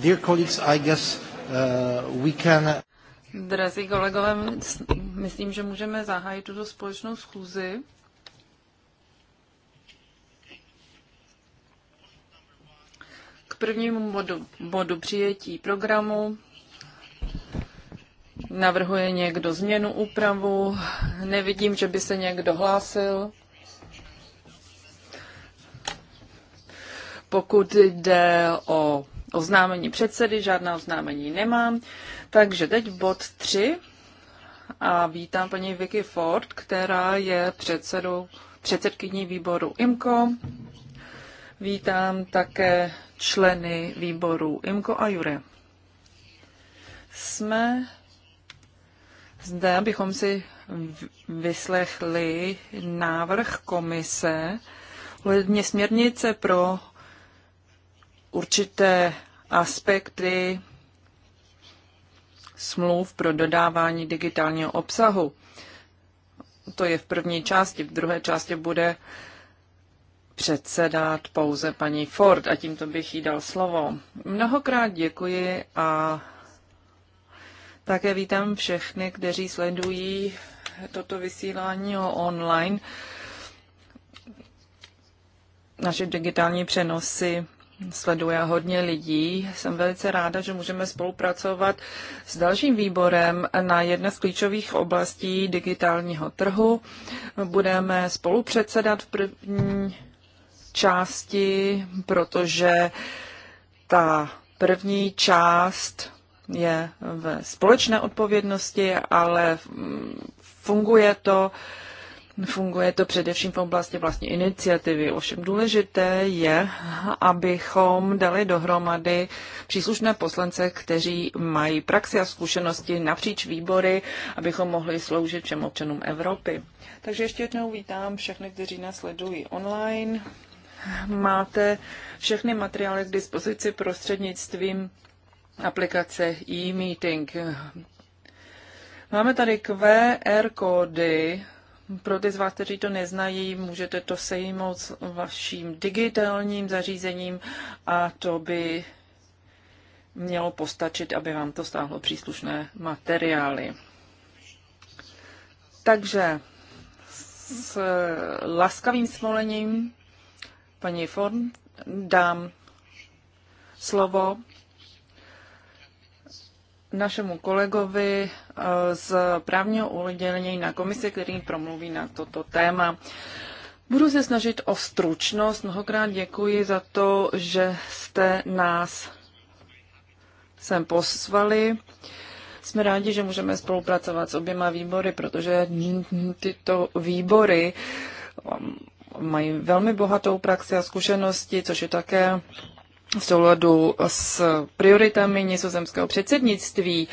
Dear colleagues, I guess uh, we can... Uh, Drazí kolegové, myslím, že můžeme zahájit tuto společnou schůzi. K prvnímu bodu, bodu přijetí programu Navrhuje někdo změnu, úpravu? Nevidím, že by se někdo hlásil. Pokud jde o oznámení předsedy, žádná oznámení nemám. Takže teď bod 3 a vítám paní Vicky Ford, která je předsedou, předsedkyní výboru IMCO. Vítám také členy výboru IMCO a JURE. Jsme zde, abychom si vyslechli návrh komise ohledně směrnice pro určité aspekty smluv pro dodávání digitálního obsahu. To je v první části, v druhé části bude předsedat pouze paní Ford a tímto bych jí dal slovo. Mnohokrát děkuji a také vítám všechny, kteří sledují toto vysílání online. Naše digitální přenosy sleduje hodně lidí. Jsem velice ráda, že můžeme spolupracovat s dalším výborem na jedné z klíčových oblastí digitálního trhu. Budeme spolupředsedat v první části, protože ta první část je ve společné odpovědnosti, ale funguje to Funguje to především v oblasti vlastní iniciativy. Ovšem důležité je, abychom dali dohromady příslušné poslance, kteří mají praxi a zkušenosti napříč výbory, abychom mohli sloužit všem občanům Evropy. Takže ještě jednou vítám všechny, kteří nás sledují online. Máte všechny materiály k dispozici prostřednictvím aplikace e-meeting. Máme tady QR kódy, pro ty z vás, kteří to neznají, můžete to sejmout s vaším digitálním zařízením a to by mělo postačit, aby vám to stáhlo příslušné materiály. Takže s laskavým smolením paní Forn dám slovo našemu kolegovi eh, z právního oddělení na komisi, který promluví na toto téma. Budu se snažit o stručnost. Mnohokrát děkuji za to, že jste nás sem pozvali. Jsme rádi, že můžeme spolupracovat s oběma výbory, protože tyto výbory um, mají velmi bohatou praxi a zkušenosti, což je také v souladu s prioritami nizozemského předsednictví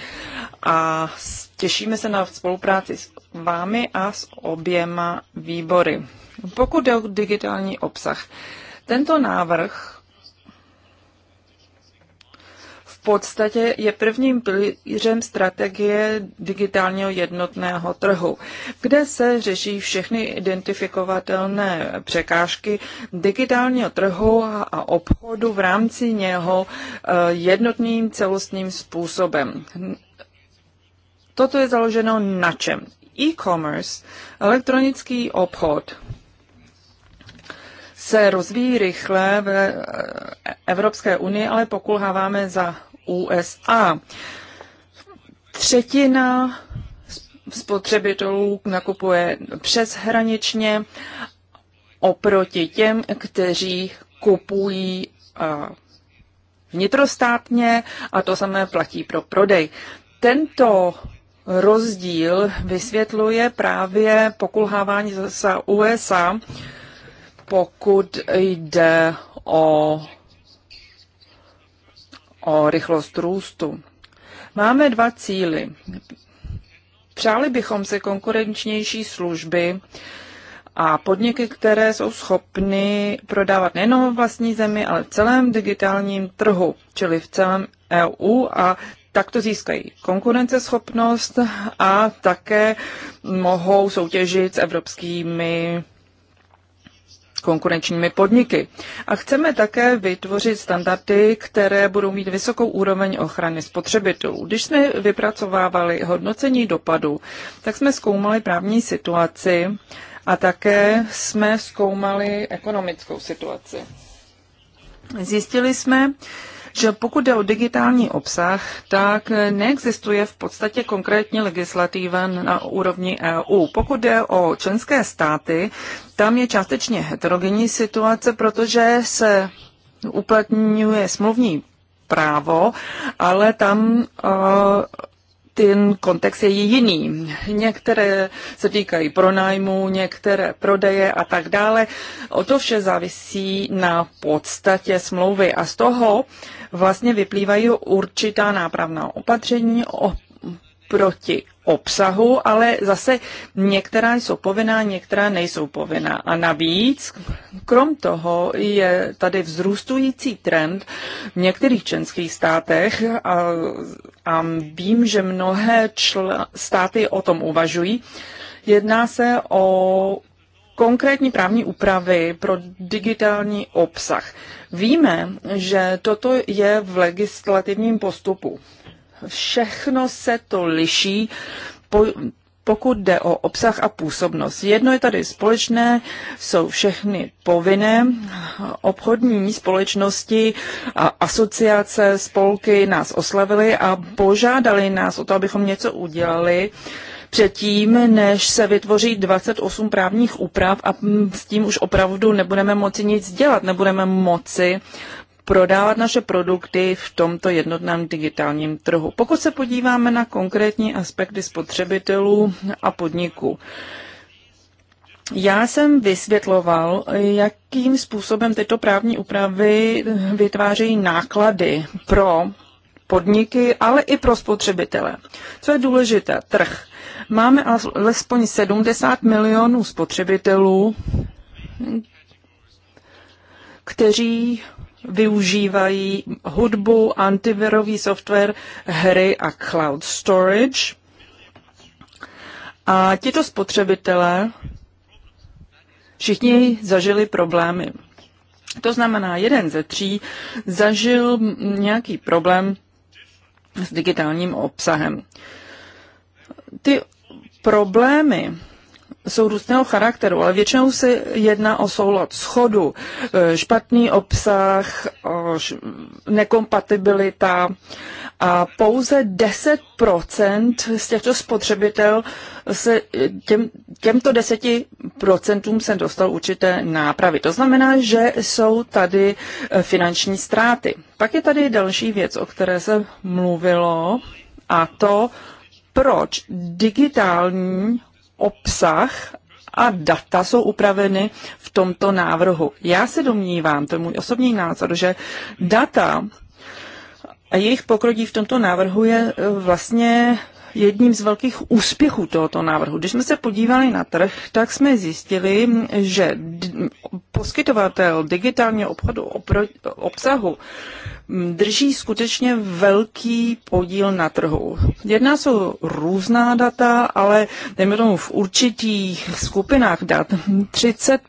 a těšíme se na spolupráci s vámi a s oběma výbory. Pokud jde o digitální obsah, tento návrh podstatě je prvním pilířem strategie digitálního jednotného trhu, kde se řeší všechny identifikovatelné překážky digitálního trhu a obchodu v rámci něho eh, jednotným celostním způsobem. Toto je založeno na čem? E-commerce, elektronický obchod, se rozvíjí rychle v eh, Evropské unii, ale pokulháváme za USA. Třetina spotřebitelů nakupuje přeshraničně oproti těm, kteří kupují vnitrostátně a to samé platí pro prodej. Tento rozdíl vysvětluje právě pokulhávání z USA, pokud jde o o rychlost růstu. Máme dva cíly. Přáli bychom se konkurenčnější služby a podniky, které jsou schopny prodávat nejen v vlastní zemi, ale v celém digitálním trhu, čili v celém EU a takto získají konkurenceschopnost a také mohou soutěžit s evropskými konkurenčními podniky. A chceme také vytvořit standardy, které budou mít vysokou úroveň ochrany spotřebitelů. Když jsme vypracovávali hodnocení dopadu, tak jsme zkoumali právní situaci a také jsme zkoumali ekonomickou situaci. Zjistili jsme, že pokud jde o digitální obsah, tak neexistuje v podstatě konkrétní legislativa na úrovni EU. Pokud jde o členské státy, tam je částečně heterogenní situace, protože se uplatňuje smluvní právo, ale tam eh, ten kontext je jiný. Některé se týkají pronájmu, některé prodeje a tak dále. O to vše závisí na podstatě smlouvy a z toho vlastně vyplývají určitá nápravná opatření, proti obsahu, ale zase některá jsou povinná, některá nejsou povinná. A navíc, krom toho, je tady vzrůstující trend v některých členských státech a, a vím, že mnohé čl- státy o tom uvažují. Jedná se o konkrétní právní úpravy pro digitální obsah. Víme, že toto je v legislativním postupu všechno se to liší, po, pokud jde o obsah a působnost. Jedno je tady společné, jsou všechny povinné. Obchodní společnosti a asociace, spolky nás oslavili a požádali nás o to, abychom něco udělali předtím, než se vytvoří 28 právních úprav a s tím už opravdu nebudeme moci nic dělat, nebudeme moci prodávat naše produkty v tomto jednotném digitálním trhu. Pokud se podíváme na konkrétní aspekty spotřebitelů a podniků, já jsem vysvětloval, jakým způsobem tyto právní úpravy vytvářejí náklady pro podniky, ale i pro spotřebitele. Co je důležité? Trh. Máme alespoň 70 milionů spotřebitelů, kteří využívají hudbu, antivirový software, hry a cloud storage. A tito spotřebitelé všichni zažili problémy. To znamená, jeden ze tří zažil nějaký problém s digitálním obsahem. Ty problémy jsou různého charakteru, ale většinou se jedná o soulad schodu, e, špatný obsah, nekompatibilita a pouze 10% z těchto spotřebitel se e, těm, těmto procentům se dostal určité nápravy. To znamená, že jsou tady e, finanční ztráty. Pak je tady další věc, o které se mluvilo a to, proč digitální obsah a data jsou upraveny v tomto návrhu. Já se domnívám, to je můj osobní názor, že data a jejich pokrodí v tomto návrhu je e, vlastně jedním z velkých úspěchů tohoto návrhu. Když jsme se podívali na trh, tak jsme zjistili, že poskytovatel digitálního obchodu obsahu drží skutečně velký podíl na trhu. Jedná se o různá data, ale dejme tomu v určitých skupinách dat 30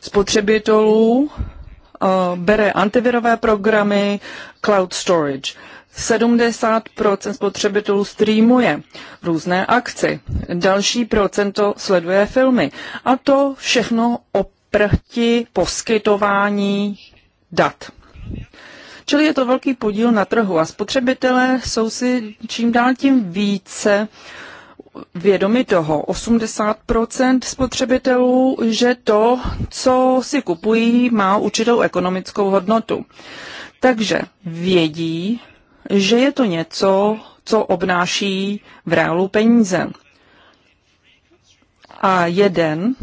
spotřebitelů eh, bere antivirové programy, cloud storage. 70% spotřebitelů streamuje různé akci, další procento sleduje filmy. A to všechno oprti poskytování dat. Čili je to velký podíl na trhu a spotřebitelé jsou si čím dál tím více vědomi toho 80% spotřebitelů, že to, co si kupují, má určitou ekonomickou hodnotu. Takže vědí, že je to něco, co obnáší v reálu peníze. A jeden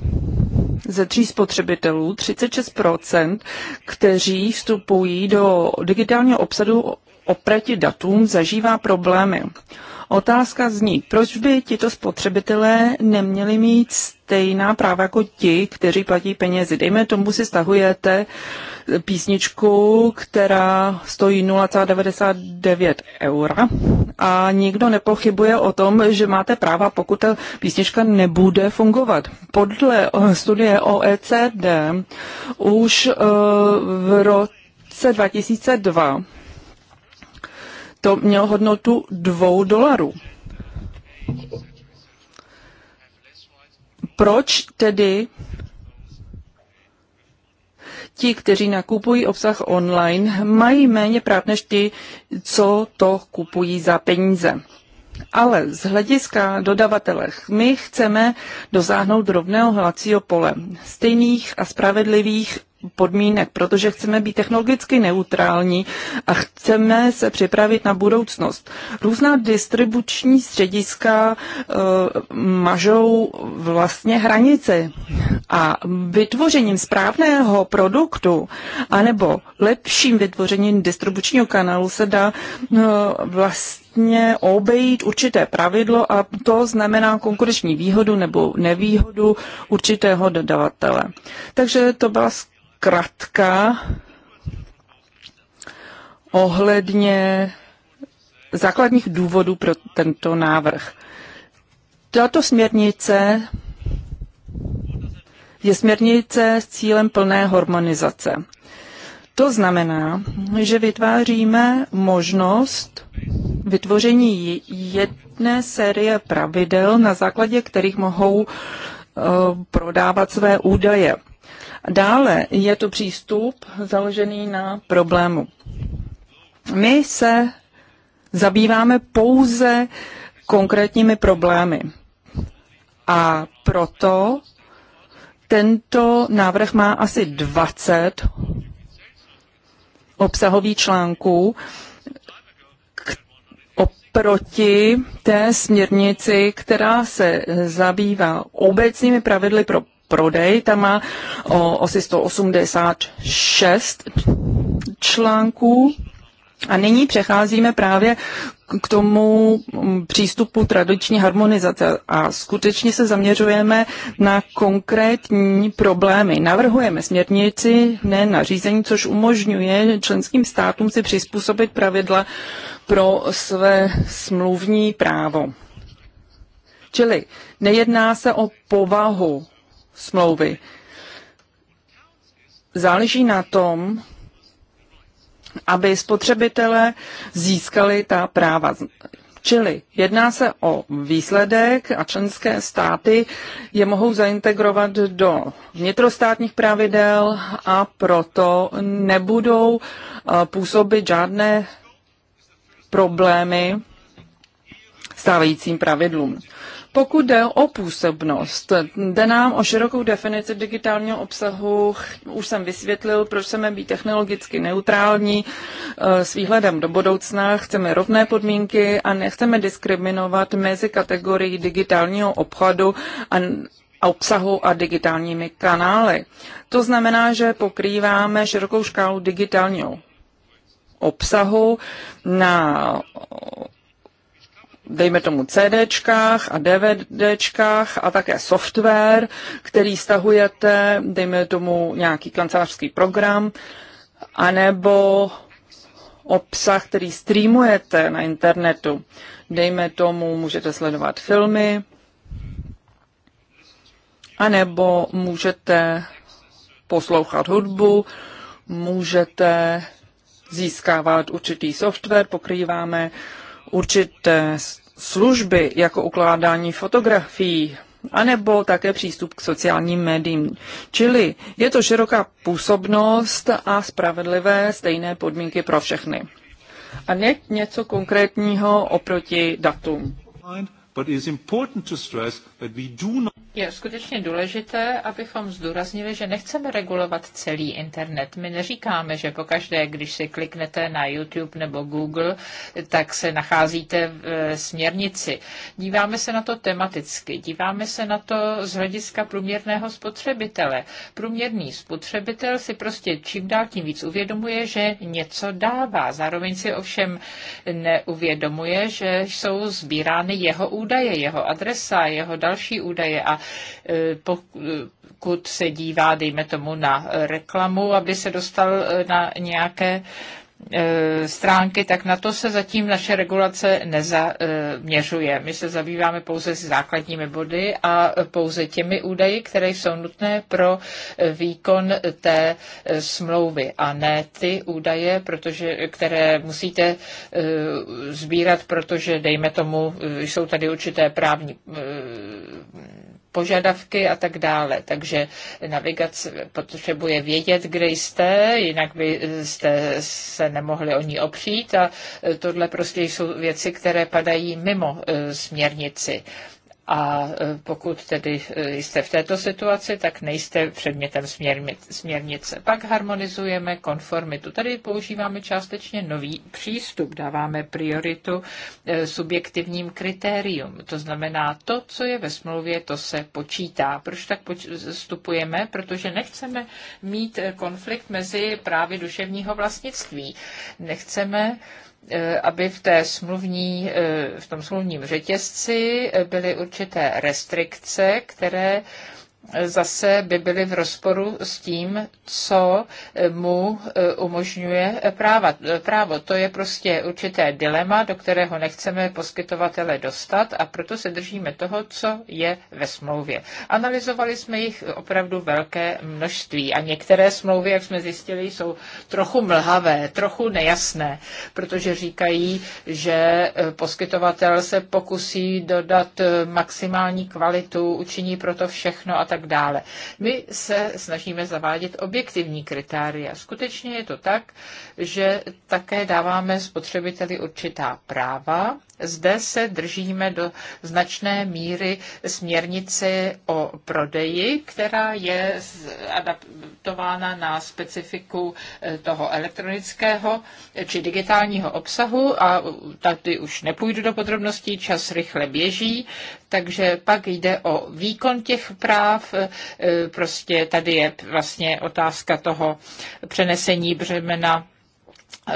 ze tří spotřebitelů, 36%, kteří vstupují do digitálního obsadu oproti datům, zažívá problémy. Otázka zní, proč by tito spotřebitelé neměli mít stejná práva jako ti, kteří platí penězi. Dejme tomu si stahujete písničku, která stojí 0,99 eura a nikdo nepochybuje o tom, že máte práva, pokud ta písnička nebude fungovat. Podle studie OECD už eh, v roce 2002 to mělo hodnotu dvou dolarů. Proč tedy ti, kteří nakupují obsah online, mají méně práv než ti, co to kupují za peníze? Ale z hlediska dodavatelech my chceme dosáhnout rovného hlacího pole, stejných a spravedlivých podmínek, protože chceme být technologicky neutrální a chceme se připravit na budoucnost. Různá distribuční střediska uh, mažou vlastně hranici a vytvořením správného produktu anebo lepším vytvořením distribučního kanálu se dá uh, vlastně obejít určité pravidlo a to znamená konkurenční výhodu nebo nevýhodu určitého dodavatele. Takže to byla zkratká ohledně základních důvodů pro tento návrh. Tato směrnice je směrnice s cílem plné harmonizace. To znamená, že vytváříme možnost vytvoření jedné série pravidel, na základě kterých mohou eh, prodávat své údaje Dále je to přístup založený na problému. My se zabýváme pouze konkrétními problémy. A proto tento návrh má asi 20 obsahových článků oproti té směrnici, která se zabývá obecnými pravidly pro prodej, tam má o, asi 186 článků. A nyní přecházíme právě k tomu přístupu tradiční harmonizace a skutečně se zaměřujeme na konkrétní problémy. Navrhujeme směrnici, ne nařízení, což umožňuje členským státům si přizpůsobit pravidla pro své smluvní právo. Čili nejedná se o povahu smlouvy. Záleží na tom, aby spotřebitelé získali ta práva. Čili jedná se o výsledek a členské státy je mohou zaintegrovat do vnitrostátních pravidel a proto nebudou eh, působit žádné problémy stávajícím pravidlům. Pokud jde o působnost, jde nám o širokou definici digitálního obsahu. Už jsem vysvětlil, proč chceme být technologicky neutrální eh, s výhledem do budoucna. Chceme rovné podmínky a nechceme diskriminovat mezi kategorií digitálního obchodu a obsahu a digitálními kanály. To znamená, že pokrýváme širokou škálu digitálního obsahu na dejme tomu CDčkách a DVDčkách a také software, který stahujete, dejme tomu nějaký kancelářský program, anebo obsah, který streamujete na internetu. Dejme tomu, můžete sledovat filmy, anebo můžete poslouchat hudbu, můžete získávat určitý software, pokrýváme určité služby jako ukládání fotografií, anebo také přístup k sociálním médiím. Čili je to široká působnost a spravedlivé stejné podmínky pro všechny. A ne něco konkrétního oproti datům. Je skutečně důležité, abychom zdůraznili, že nechceme regulovat celý internet. My neříkáme, že pokaždé, když si kliknete na YouTube nebo Google, tak se nacházíte v e, směrnici. Díváme se na to tematicky, díváme se na to z hlediska průměrného spotřebitele. Průměrný spotřebitel si prostě čím dál tím víc uvědomuje, že něco dává. Zároveň si ovšem neuvědomuje, že jsou sbírány jeho údaje údaje, jeho adresa, jeho další údaje a e, pokud se dívá, dejme tomu, na reklamu, aby se dostal e, na nějaké E, stránky, tak na to se zatím naše regulace nezaměřuje. My se zabýváme pouze s základními body a pouze těmi údaji, které jsou nutné pro výkon té e, smlouvy a ne ty údaje, protože, které musíte e, sbírat, protože dejme tomu, jsou tady určité právní požadavky a tak dále. Takže navigace potřebuje vědět, kde jste, jinak byste se nemohli o ní opřít a tohle prostě jsou věci, které padají mimo eh, směrnici. A e, pokud tedy e, jste v této situaci, tak nejste předmětem směrnice. Pak harmonizujeme konformitu. Tady používáme částečně nový přístup. Dáváme prioritu e, subjektivním kritérium. To znamená, to, co je ve smlouvě, to se počítá. Proč tak postupujeme? Protože nechceme mít konflikt mezi právy duševního vlastnictví. Nechceme E, aby v, té smluvní, e, v tom smluvním řetězci byly určité restrikce, které zase by byly v rozporu s tím, co mu e, umožňuje e, práva. E, právo. To je prostě určité dilema, do kterého nechceme poskytovatele dostat a proto se držíme toho, co je ve smlouvě. Analyzovali jsme jich opravdu velké množství a některé smlouvy, jak jsme zjistili, jsou trochu mlhavé, trochu nejasné, protože říkají, že poskytovatel se pokusí dodat maximální kvalitu, učiní proto všechno a tak tak dále. My se snažíme zavádět objektivní kritéria. Skutečně je to tak, že také dáváme spotřebiteli určitá práva zde se držíme do značné míry směrnice o prodeji, která je adaptována na specifiku eh, toho elektronického eh, či digitálního obsahu a tady už nepůjdu do podrobností, čas rychle běží, takže pak jde o výkon těch práv, eh, prostě tady je vlastně otázka toho přenesení břemena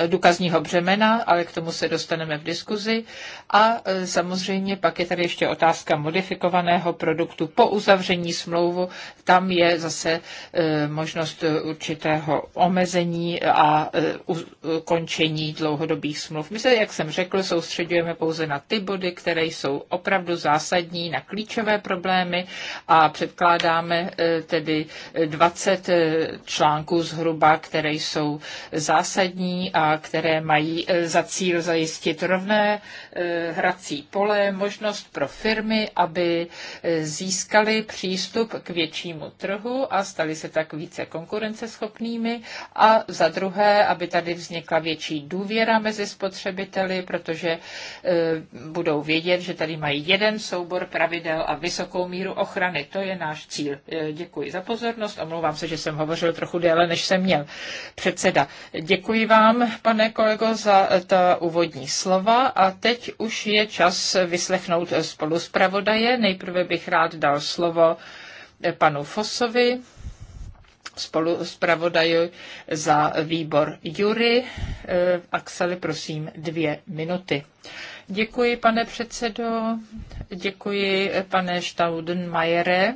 důkazního břemena, ale k tomu se dostaneme v diskuzi. A e, samozřejmě pak je tady ještě otázka modifikovaného produktu po uzavření smlouvu. Tam je zase e, možnost určitého omezení a e, ukončení dlouhodobých smluv. My se, jak jsem řekl, soustředujeme pouze na ty body, které jsou opravdu zásadní, na klíčové problémy a předkládáme tedy 20 článků zhruba, které jsou zásadní a které mají e, za cíl zajistit rovné e, hrací pole, možnost pro firmy, aby e, získali přístup k většímu trhu a stali se tak více konkurenceschopnými a za druhé, aby tady vznikla větší důvěra mezi spotřebiteli, protože budou vědět, že tady mají jeden soubor pravidel a vysokou míru ochrany. To je náš cíl. Děkuji za pozornost. Omlouvám se, že jsem hovořil trochu déle, než jsem měl. Předseda, děkuji vám vám, pane kolego, za ta úvodní slova a teď už je čas vyslechnout spolu zpravodaje. Nejprve bych rád dal slovo panu Fosovi, spolu zpravodaju za výbor Jury. Eh, Axeli, prosím, dvě minuty. Děkuji, pane předsedo, děkuji, pane Staudenmajere.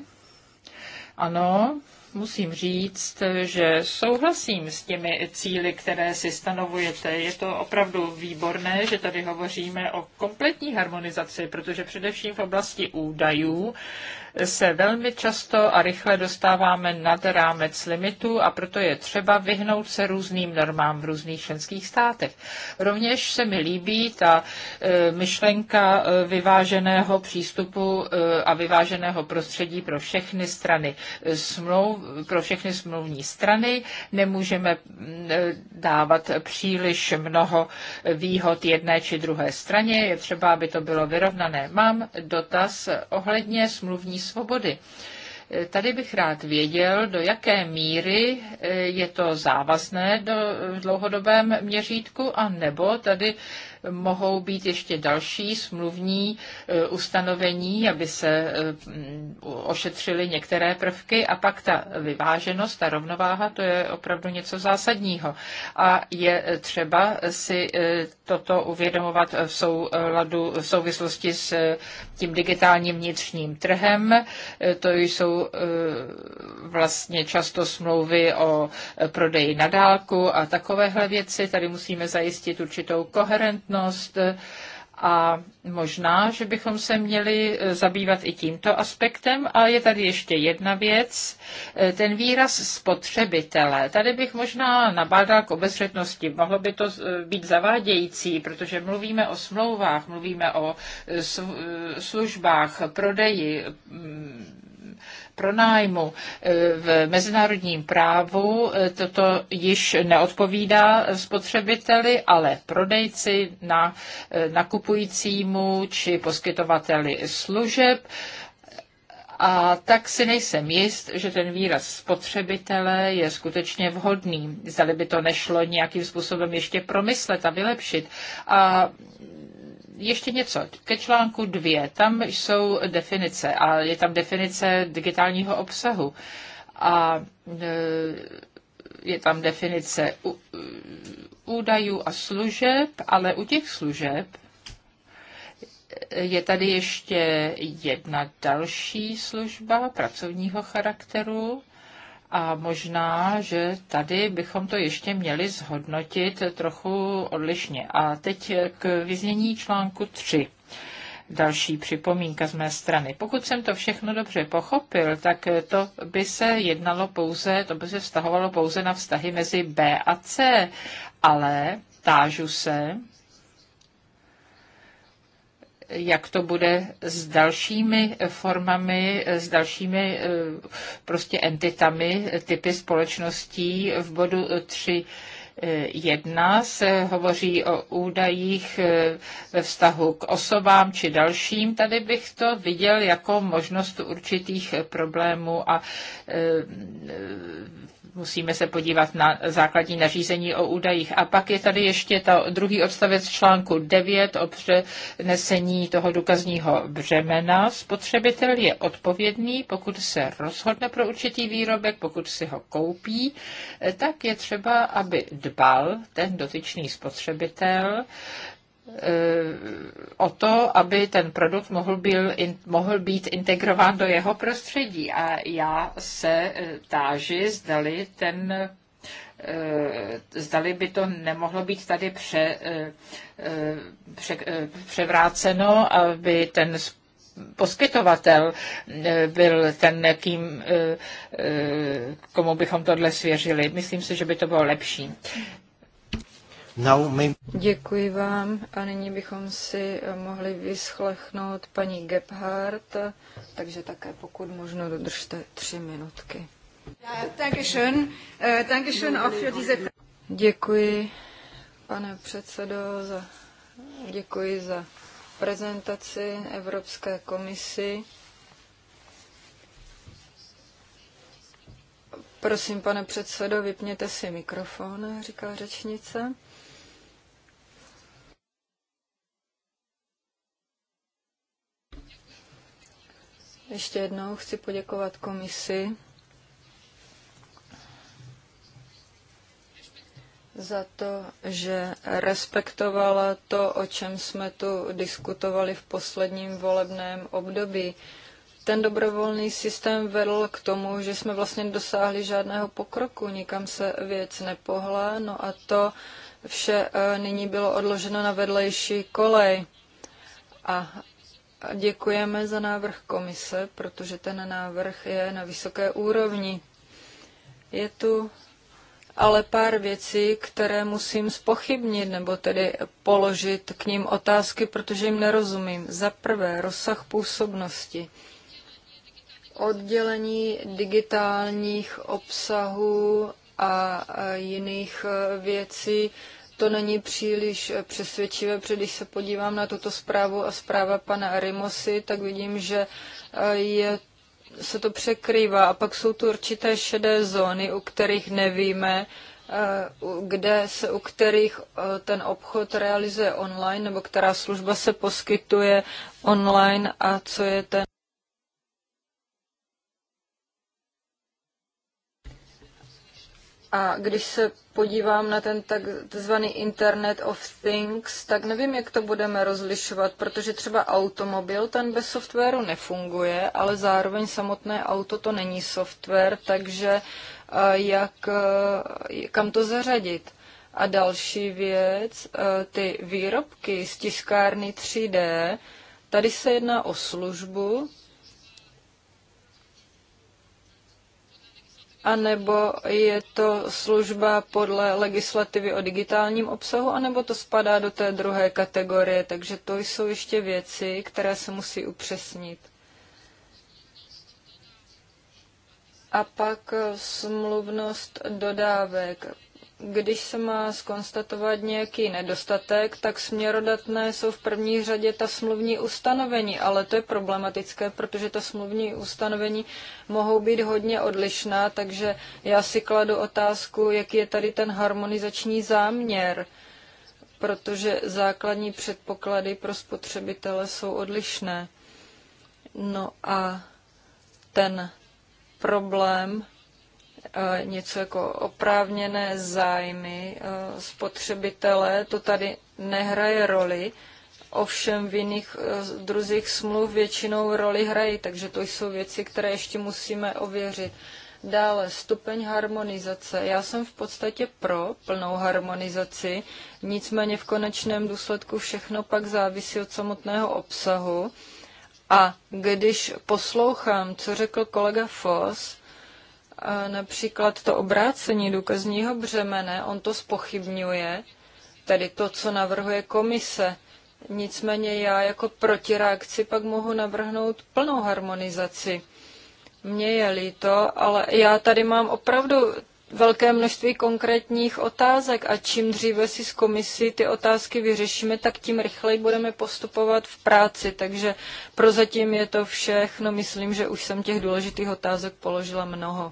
Ano, musím říct, že souhlasím s těmi cíly, které si stanovujete. Je to opravdu výborné, že tady hovoříme o kompletní harmonizaci, protože především v oblasti údajů se velmi často a rychle dostáváme nad rámec limitu a proto je třeba vyhnout se různým normám v různých členských státech. Rovněž se mi líbí ta e, myšlenka e, vyváženého přístupu e, a vyváženého prostředí pro všechny strany smlouv pro všechny smluvní strany. Nemůžeme mm, e, dávat příliš mnoho výhod jedné či druhé straně. Je třeba, aby to bylo vyrovnané. Mám dotaz ohledně smluvní svobody. E, tady bych rád věděl, do jaké míry e, je to závazné do, v dlouhodobém měřítku, a nebo tady mohou být ještě další smluvní e, ustanovení, aby se e, ošetřily některé prvky a pak ta vyváženost, ta rovnováha, to je opravdu něco zásadního. A je třeba si e, toto uvědomovat v souladu, v souvislosti s tím digitálním vnitřním trhem. To jsou vlastně často smlouvy o prodeji na dálku a takovéhle věci. Tady musíme zajistit určitou koherentnost transparentnost eh, a možná, že bychom se měli eh, zabývat i tímto aspektem. A je tady ještě jedna věc, eh, ten výraz spotřebitele. Tady bych možná nabádal k obezřetnosti. Mohlo by to být zavádějící, protože mluvíme o smlouvách, mluvíme o službách, prodeji, mm, pronájmu. E, v mezinárodním právu e, toto již neodpovídá spotřebiteli, ale prodejci na e, nakupujícímu či poskytovateli služeb. A tak si nejsem jist, že ten výraz spotřebitele je skutečně vhodný. Zdali by to nešlo nějakým způsobem ještě promyslet a vylepšit. A ještě něco ke článku dvě. Tam jsou definice a je tam definice digitálního obsahu. A e, je tam definice e, údajů a služeb, ale u těch služeb je tady ještě jedna další služba pracovního charakteru a možná, že tady bychom to ještě měli zhodnotit trochu odlišně. A teď k vyznění článku 3. Další připomínka z mé strany. Pokud jsem to všechno dobře pochopil, tak to by se jednalo pouze, to by se vztahovalo pouze na vztahy mezi B a C, ale tážu se, jak to bude s dalšími formami, s dalšími eh, prostě entitami, typy společností v bodu 3 1 se hovoří o údajích e, ve vztahu k osobám či dalším. Tady bych to viděl jako možnost určitých problémů a e, e, musíme se podívat na základní nařízení o údajích. A pak je tady ještě ta druhý odstavec článku 9 o přenesení toho důkazního břemena. Spotřebitel je odpovědný, pokud se rozhodne pro určitý výrobek, pokud si ho koupí, tak je třeba, aby dbal ten dotyčný spotřebitel eh, o to, aby ten produkt mohl, byl, mohl být integrován do jeho prostředí. A já se eh, táži, zdali ten eh, zdali by to nemohlo být tady pře, pře, převráceno, aby ten poskytovatel eh, byl ten, kým, eh, eh, komu bychom tohle svěřili. Myslím si, že by to bylo lepší. Děkuji vám a nyní bychom si mohli vyslechnout paní Gebhardt, takže také pokud možno dodržte tři minutky. Äh, děkuji, pane předsedo, za, děkuji za prezentaci Evropské komisi. Prosím, pane předsedo, vypněte si mikrofon, říká řečnice. Ještě jednou chci poděkovat komisi za to, že respektovala to, o čem jsme tu diskutovali v posledním volebném období. Ten dobrovolný systém vedl k tomu, že jsme vlastně dosáhli žádného pokroku, nikam se věc nepohla, no a to vše eh, nyní bylo odloženo na vedlejší kolej. A děkujeme za návrh komise, protože ten návrh je na vysoké úrovni. Je tu ale pár věcí, které musím spochybnit, nebo tedy položit k ním otázky, protože jim nerozumím. Za prvé, rozsah působnosti. Oddělení digitálních obsahů a jiných e, věcí, to není příliš e, přesvědčivé, protože když se podívám na tuto zprávu a zpráva pana Rimosy, tak vidím, že e, je se to překrývá a pak jsou tu určité šedé zóny, u kterých nevíme, eh, kde se u kterých eh, ten obchod realizuje online, nebo která služba se poskytuje online a co je ten A když se podívám na ten takzvaný Internet of Things, tak nevím, jak to budeme rozlišovat, protože třeba automobil ten bez softwaru nefunguje, ale zároveň samotné auto to není software, takže eh, jak, eh, kam to zařadit? A další věc, eh, ty výrobky z tiskárny 3D, tady se jedná o službu, anebo je to služba podle legislativy o digitálním obsahu, anebo to spadá do té druhé kategorie. Takže to jsou ještě věci, které se musí upřesnit. A pak eh, smluvnost dodávek když se má skonstatovat nějaký nedostatek, tak směrodatné jsou v první řadě ta smluvní ustanovení, ale to je problematické, protože ta smluvní ustanovení mohou být hodně odlišná, takže já si kladu otázku, jaký je tady ten harmonizační záměr, protože základní předpoklady pro spotřebitele jsou odlišné. No a ten problém E, něco jako oprávněné zájmy e, spotřebitele, to tady nehraje roli, ovšem v jiných e, druzích smluv většinou roli hrají, takže to jsou věci, které ještě musíme ověřit. Dále stupeň harmonizace. Já jsem v podstatě pro plnou harmonizaci, nicméně v konečném důsledku všechno pak závisí od samotného obsahu. A když poslouchám, co řekl kolega Foss, například to obrácení důkazního břemene, on to spochybňuje, tedy to, co navrhuje komise. Nicméně já jako protireakci pak mohu navrhnout plnou harmonizaci. Mně je líto, ale já tady mám opravdu velké množství konkrétních otázek a čím dříve si s komisí ty otázky vyřešíme, tak tím rychleji budeme postupovat v práci. Takže prozatím je to všechno. Myslím, že už jsem těch důležitých otázek položila mnoho.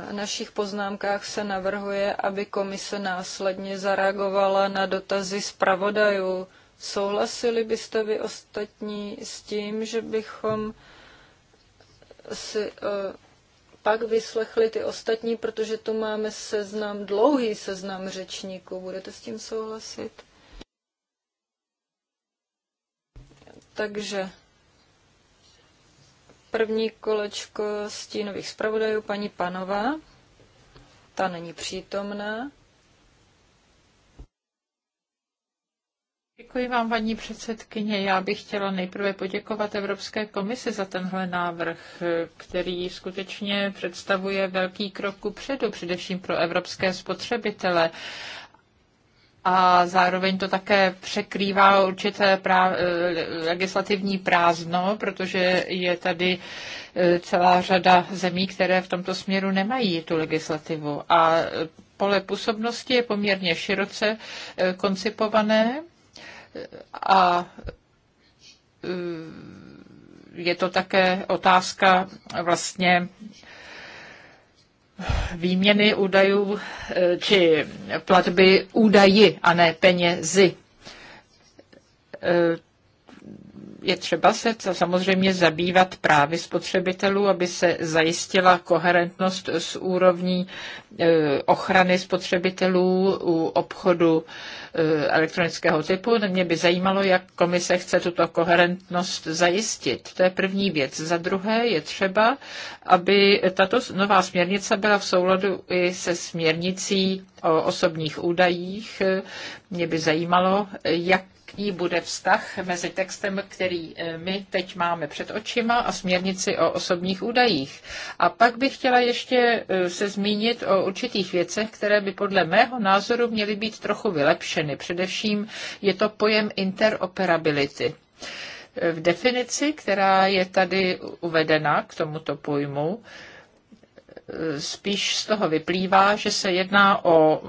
V našich poznámkách se navrhuje, aby komise následně zareagovala na dotazy zpravodajů. Souhlasili byste vy ostatní s tím, že bychom si eh, pak vyslechli ty ostatní, protože tu máme seznam, dlouhý seznam řečníků. Budete s tím souhlasit? Takže První kolečko stínových zpravodajů, paní Panová. Ta není přítomná. Děkuji vám, paní předsedkyně. Já bych chtěla nejprve poděkovat Evropské komisi za tenhle návrh, který skutečně představuje velký krok ku předu, především pro evropské spotřebitele a zároveň to také překrývá určité prá- eh, legislativní prázdno, protože je tady eh, celá řada zemí, které v tomto směru nemají tu legislativu. A eh, pole působnosti je poměrně široce koncipované a je to také otázka vlastně výměny údajů eh, či platby údaji a ne penězi eh, je třeba se samozřejmě zabývat právy spotřebitelů, aby se zajistila koherentnost s úrovní e, ochrany spotřebitelů u obchodu e, elektronického typu. Mě by zajímalo, jak komise chce tuto koherentnost zajistit. To je první věc. Za druhé je třeba, aby tato nová směrnice byla v souladu i se směrnicí o osobních údajích. Mě by zajímalo, jak jaký bude vztah mezi textem, který eh, my teď máme před očima a směrnici o osobních údajích. A pak bych chtěla ještě eh, se zmínit o určitých věcech, které by podle mého názoru měly být trochu vylepšeny. Především je to pojem interoperability. Eh, v definici, která je tady uvedena k tomuto pojmu, spíš z toho vyplývá, že se jedná o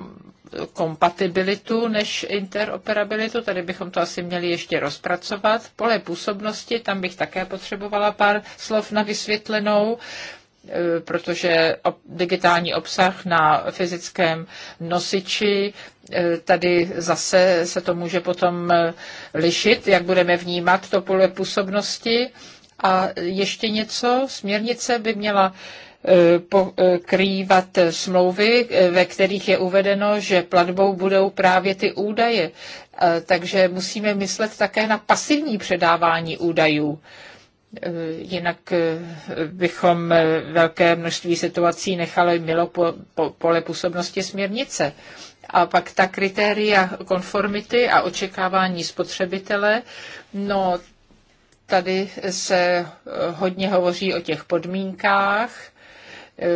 kompatibilitu než interoperabilitu. Tady bychom to asi měli ještě rozpracovat. Pole působnosti, tam bych také potřebovala pár slov na vysvětlenou e, protože digitální obsah na fyzickém nosiči, e, tady zase se to může potom e, lišit, jak budeme vnímat to pole působnosti. A ještě něco, směrnice by měla pokrývat eh, smlouvy, eh, ve kterých je uvedeno, že platbou budou právě ty údaje. Eh, takže musíme myslet také na pasivní předávání údajů. Jinak bychom velké množství situací nechali milo po, po, pole působnosti směrnice. A pak ta kritéria konformity a očekávání spotřebitele, no tady se hodně hovoří o těch podmínkách, Eh,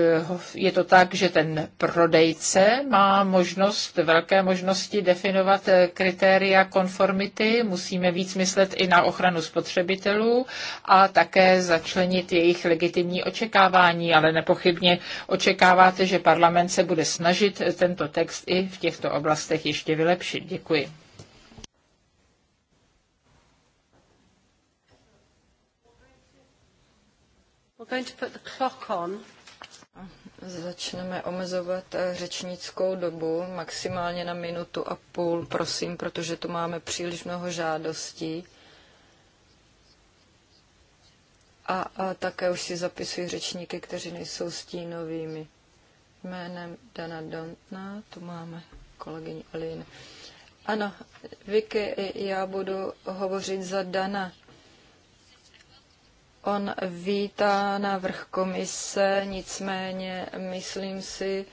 je to tak, že ten prodejce má možnost, velké možnosti definovat eh, kritéria konformity, musíme víc myslet i na ochranu spotřebitelů a také začlenit jejich legitimní očekávání, ale nepochybně očekáváte, že parlament se bude snažit eh, tento text i v těchto oblastech ještě vylepšit. Děkuji. going to put the clock on. Začneme omezovat eh, řečnickou dobu maximálně na minutu a půl, prosím, protože tu máme příliš mnoho žádostí. A, a také už si zapisují řečníky, kteří nejsou stínovými. Jménem Dana Dontna, tu máme kolegyni Alin. Ano, Vicky, já budu hovořit za Dana. On vítá návrh komise, nicméně myslím si,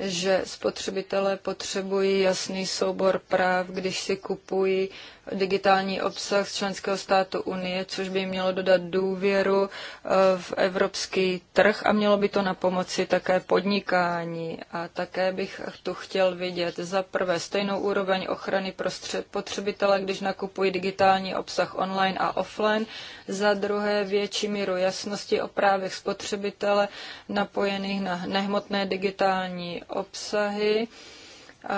že spotřebitelé potřebují jasný soubor práv, když si kupují digitální obsah z členského státu Unie, což by mělo dodat důvěru eh, v evropský trh a mělo by to na pomoci také podnikání. A také bych tu chtěl vidět za prvé stejnou úroveň ochrany pro potřebitele, když nakupují digitální obsah online a offline, za druhé větší míru jasnosti o právech spotřebitele napojených na nehmotné digitální obsahy,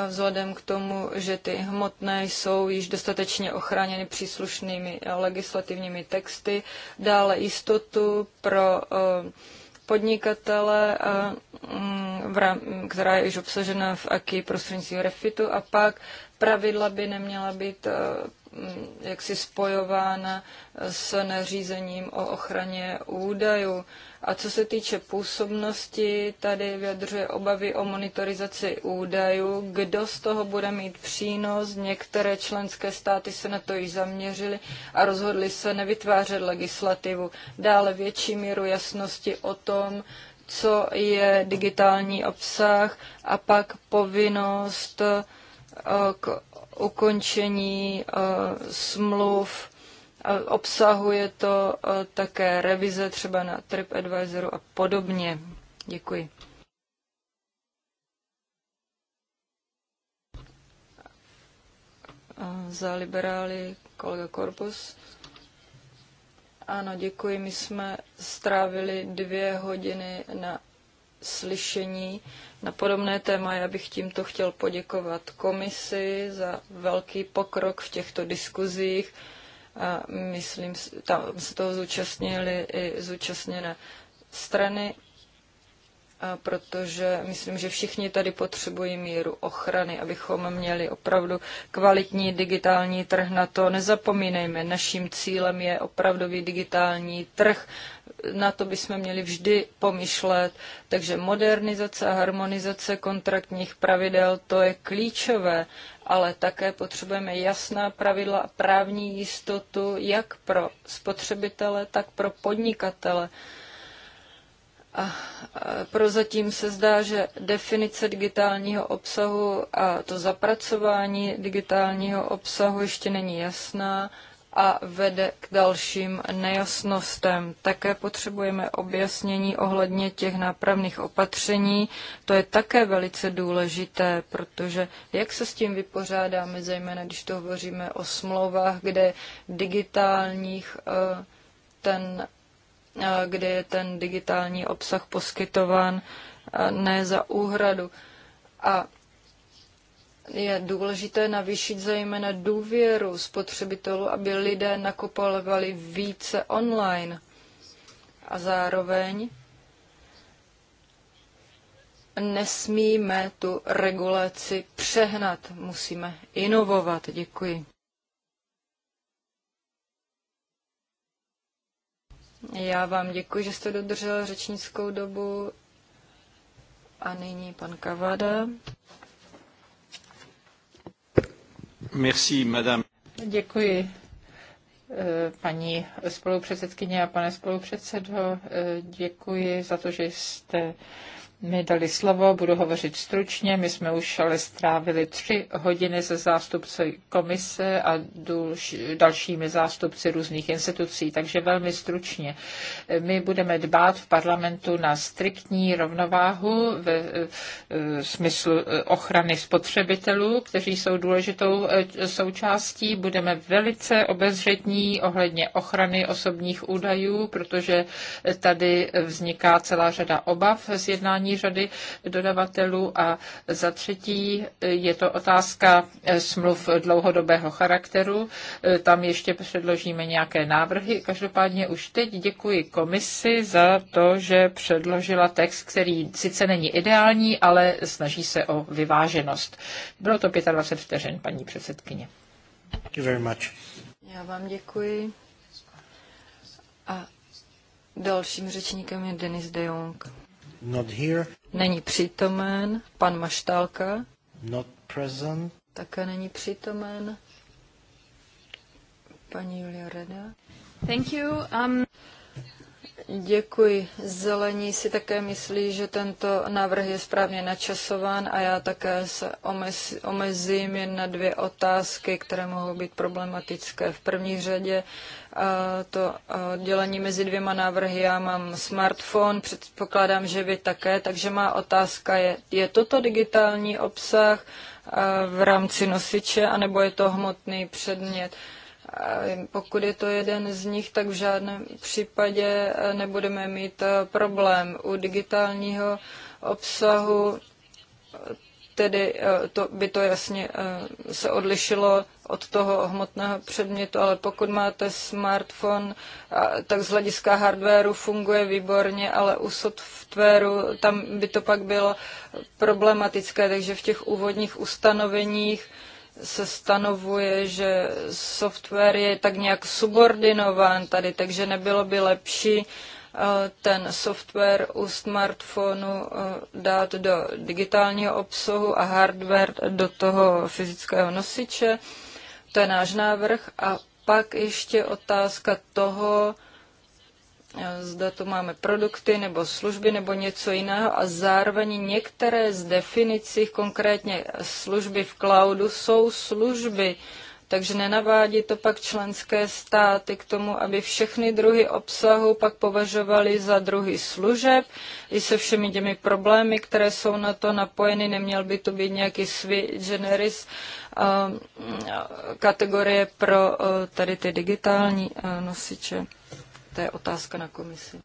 vzhledem k tomu, že ty hmotné jsou již dostatečně ochráněny příslušnými eh, legislativními texty, dále jistotu pro eh, podnikatele, mm, která je již obsažena v AKI prostřednictvím refitu a pak pravidla by neměla být eh, Mm, jaksi spojována s nařízením o ochraně údajů. A co se týče působnosti, tady vyjadřuje obavy o monitorizaci údajů. Kdo z toho bude mít přínos? Některé členské státy se na to již zaměřily a rozhodly se nevytvářet legislativu. Dále větší míru jasnosti o tom, co je digitální obsah a pak povinnost Eh, k ukončení eh, smluv. Eh, obsahuje to také revize třeba na TripAdvisoru a podobně. Děkuji. Za liberály kolega Korpus. Ano, děkuji. My jsme strávili dvě hodiny na slyšení na podobné téma. Já bych tímto chtěl poděkovat komisi za velký pokrok v těchto diskuzích. A myslím, tam se toho zúčastnili i zúčastněné strany protože myslím, že všichni tady potřebují míru ochrany, abychom měli opravdu kvalitní digitální trh. Na to nezapomínejme. Naším cílem je opravdový digitální trh. Na to bychom měli vždy pomyšlet. Takže modernizace a harmonizace kontraktních pravidel, to je klíčové, ale také potřebujeme jasná pravidla a právní jistotu jak pro spotřebitele, tak pro podnikatele a prozatím se zdá, že definice digitálního obsahu a to zapracování digitálního obsahu ještě není jasná a vede k dalším nejasnostem. Také potřebujeme objasnění ohledně těch nápravných opatření. To je také velice důležité, protože jak se s tím vypořádáme, zejména když to hovoříme o smlouvách, kde digitálních eh, ten Eh, kdy je ten digitální obsah poskytován eh, ne za úhradu. A je důležité navýšit zejména důvěru spotřebitelů, aby lidé nakupovali více online. A zároveň nesmíme tu regulaci přehnat, musíme inovovat. Děkuji. Já vám děkuji, že jste dodržel řečnickou dobu. A nyní pan Kavada. Merci, madame. Děkuji, eh, paní spolupředsedkyně a pane spolupředsedo. Eh, děkuji za to, že jste mi dali slovo, budu hovořit stručně. My jsme už ale strávili tři hodiny se zástupci komise a dalšími zástupci různých institucí, takže velmi stručně. My budeme dbát v parlamentu na striktní rovnováhu ve e, e, smyslu e, ochrany spotřebitelů, kteří jsou důležitou součástí. Budeme velice obezřetní ohledně ochrany osobních údajů, protože tady vzniká celá řada obav z jednání první řady dodavatelů a za třetí je to otázka eh, smluv dlouhodobého charakteru. Eh, tam ještě předložíme nějaké návrhy. Každopádně už teď děkuji komisi za to, že předložila text, který sice není ideální, ale snaží se o vyváženost. Bylo to 25 vteřin, paní předsedkyně. Thank you very much. Já vám děkuji. A dalším řečníkem je Denis de Jong. Not here. Není přítomen. Pan Maštálka. Not present. Také není přítomen. Paní Julia Reda. Thank you. Um... Děkuji. Zelení si také myslí, že tento návrh je správně načasován a já také se omezím jen na dvě otázky, které mohou být problematické. V první řadě to dělení mezi dvěma návrhy. Já mám smartphone, předpokládám, že vy také, takže má otázka je, je toto digitální obsah v rámci nosiče, anebo je to hmotný předmět? Pokud je to jeden z nich, tak v žádném případě nebudeme mít problém. U digitálního obsahu tedy eh, to, by to jasně eh, se odlišilo od toho hmotného předmětu, ale pokud máte smartphone, tak z hlediska hardwareu funguje výborně, ale u softwaru tam by to pak bylo problematické, takže v těch úvodních ustanoveních se stanovuje, že software je tak nějak subordinován tady, takže nebylo by lepší ten software u smartphonu eh, dát do digitálního obsahu a hardware do toho fyzického nosiče. To je náš návrh. A pak ještě otázka toho, eh, zda tu máme produkty nebo služby nebo něco jiného a zároveň některé z definicí, konkrétně služby v cloudu, jsou služby, takže nenavádí to pak členské státy k tomu, aby všechny druhy obsahu pak považovali za druhy služeb i se všemi těmi problémy, které jsou na to napojeny. Neměl by to být nějaký svý generis kategorie pro tady ty digitální nosiče. To je otázka na komisi.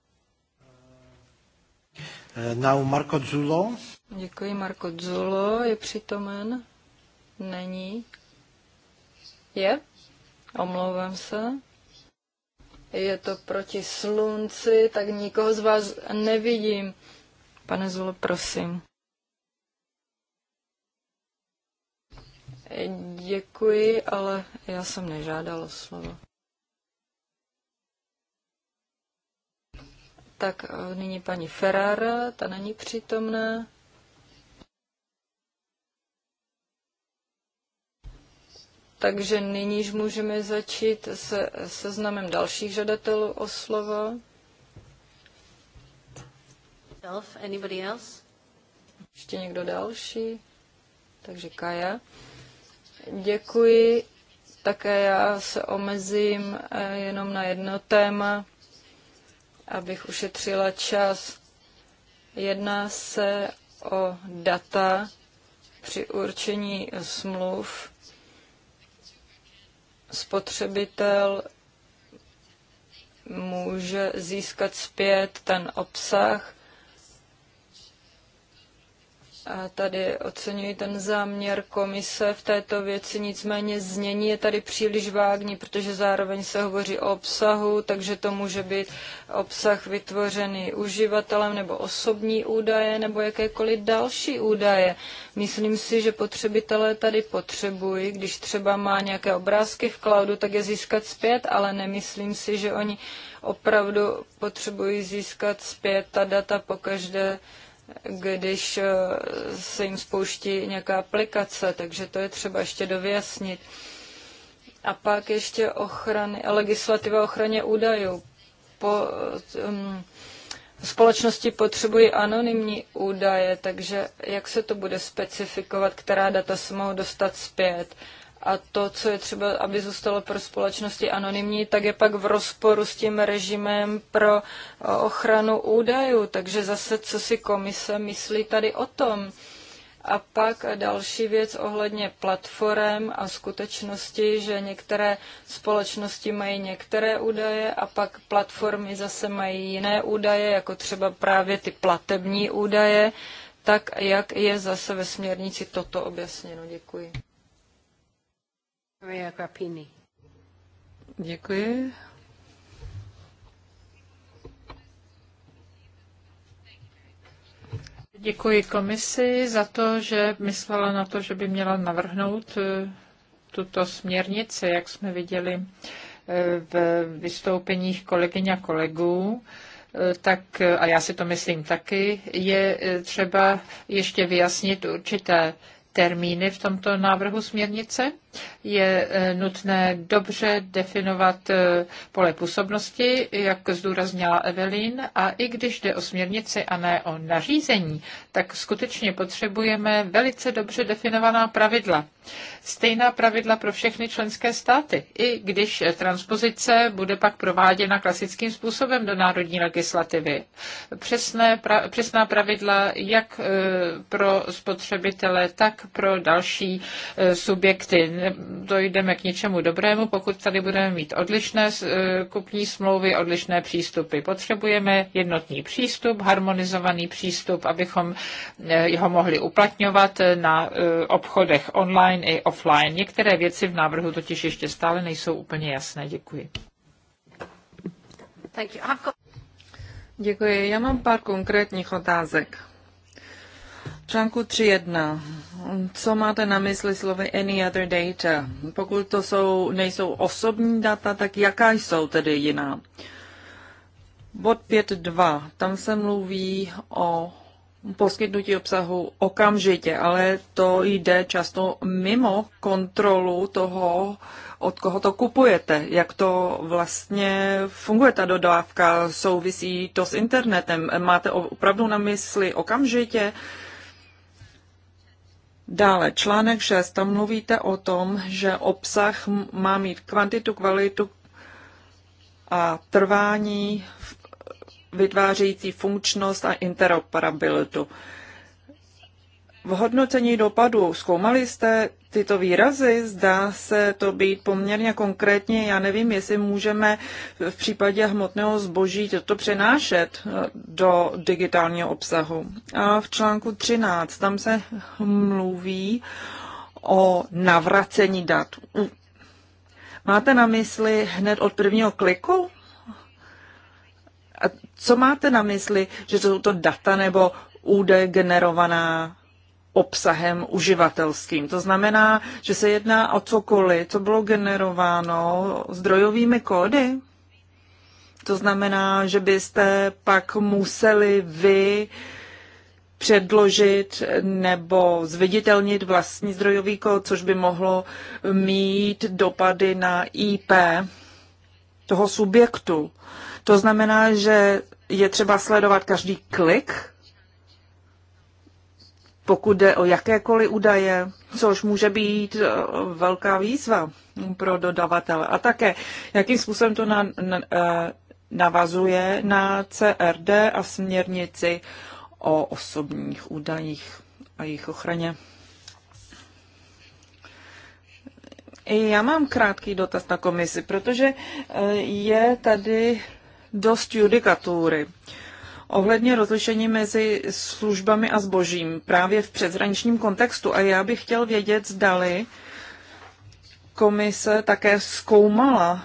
Now Marco Zulo. Děkuji, Marco Zulo je přitomen. Není. Je? Omlouvám se. Je to proti slunci, tak nikoho z vás nevidím. Pane Zulo, prosím. Děkuji, ale já jsem o slovo. Tak eh, nyní paní Ferrara, ta není přítomná. Takže nyníž můžeme začít se seznamem dalších žadatelů o slovo. Ještě někdo další? Takže Kaja. Děkuji. Také já se omezím eh, jenom na jedno téma, abych ušetřila čas. Jedná se o data při určení smluv spotřebitel může získat zpět ten obsah, tady oceňuji ten záměr komise v této věci, nicméně znění je tady příliš vágní, protože zároveň se hovoří o obsahu, takže to může být obsah vytvořený uživatelem nebo osobní údaje nebo jakékoliv další údaje. Myslím si, že potřebitelé tady potřebují, když třeba má nějaké obrázky v cloudu, tak je získat zpět, ale nemyslím si, že oni opravdu potřebují získat zpět ta data po každé když eh, se jim spouští nějaká aplikace, takže to je třeba ještě dovyjasnit. A pak ještě ochrany, legislativa ochraně údajů. Po, um, společnosti potřebují anonymní údaje, takže jak se to bude specifikovat, která data se mohou dostat zpět a to, co je třeba, aby zůstalo pro společnosti anonymní, tak je pak v rozporu s tím režimem pro ochranu údajů. Takže zase, co si komise myslí tady o tom? A pak další věc ohledně platform a skutečnosti, že některé společnosti mají některé údaje a pak platformy zase mají jiné údaje, jako třeba právě ty platební údaje. Tak jak je zase ve směrnici toto objasněno? Děkuji. Maria Děkuji. Děkuji komisi za to, že myslela na to, že by měla navrhnout eh, tuto směrnici, jak jsme viděli eh, v vystoupeních kolegyň a kolegů eh, tak, a já si to myslím taky, je třeba ještě vyjasnit určité termíny v tomto návrhu směrnice. Je eh, nutné dobře definovat eh, pole působnosti, jak zdůraznila Evelyn, a i když jde o směrnici a ne o nařízení, tak skutečně potřebujeme velice dobře definovaná pravidla. Stejná pravidla pro všechny členské státy, i když transpozice bude pak prováděna klasickým způsobem do národní legislativy. Přesné, pra, přesná pravidla jak eh, pro spotřebitele, tak pro další e, subjekty. Dojdeme k něčemu dobrému, pokud tady budeme mít odlišné e, kupní smlouvy, odlišné přístupy. Potřebujeme jednotný přístup, harmonizovaný přístup, abychom e, ho mohli uplatňovat na obchodech online i offline. Některé věci v návrhu totiž ještě stále nejsou úplně jasné. Děkuji. Děkuji. Já mám pár konkrétních otázek. Článku 3.1. Co máte na mysli slovy any other data? Pokud to jsou, nejsou osobní data, tak jaká jsou tedy jiná? Bod 5.2. Tam se mluví o poskytnutí obsahu okamžitě, ale to jde často mimo kontrolu toho, od koho to kupujete, jak to vlastně funguje ta dodávka, souvisí to s internetem. Máte opravdu na mysli okamžitě Dále článek 6, tam mluvíte o tom, že obsah má mít kvantitu, kvalitu a trvání vytvářející funkčnost a interoperabilitu. V hodnocení dopadu zkoumali jste tyto výrazy? Zdá se to být poměrně konkrétně. Já nevím, jestli můžeme v případě hmotného zboží toto přenášet eh, do digitálního obsahu. A v článku 13 tam se mluví o navracení dat. Máte na mysli hned od prvního kliku? A co máte na mysli, že jsou to data nebo údaje generovaná obsahem uživatelským. To znamená, že se jedná o cokoliv, co bylo generováno zdrojovými kódy. To znamená, že byste pak museli vy předložit nebo zviditelnit vlastní zdrojový kód, což by mohlo mít dopady na IP toho subjektu. To znamená, že je třeba sledovat každý klik pokud jde o jakékoliv údaje, což může být e, velká výzva pro dodavatele. A také, jakým způsobem to na, na, e, navazuje na CRD a směrnici o osobních údajích a jejich ochraně. Já mám krátký dotaz na komisi, protože e, je tady dost judikatury. Uh, ohledně rozlišení mezi službami a zbožím právě v přeshraničním kontextu. A já bych chtěl vědět, zdali komise také zkoumala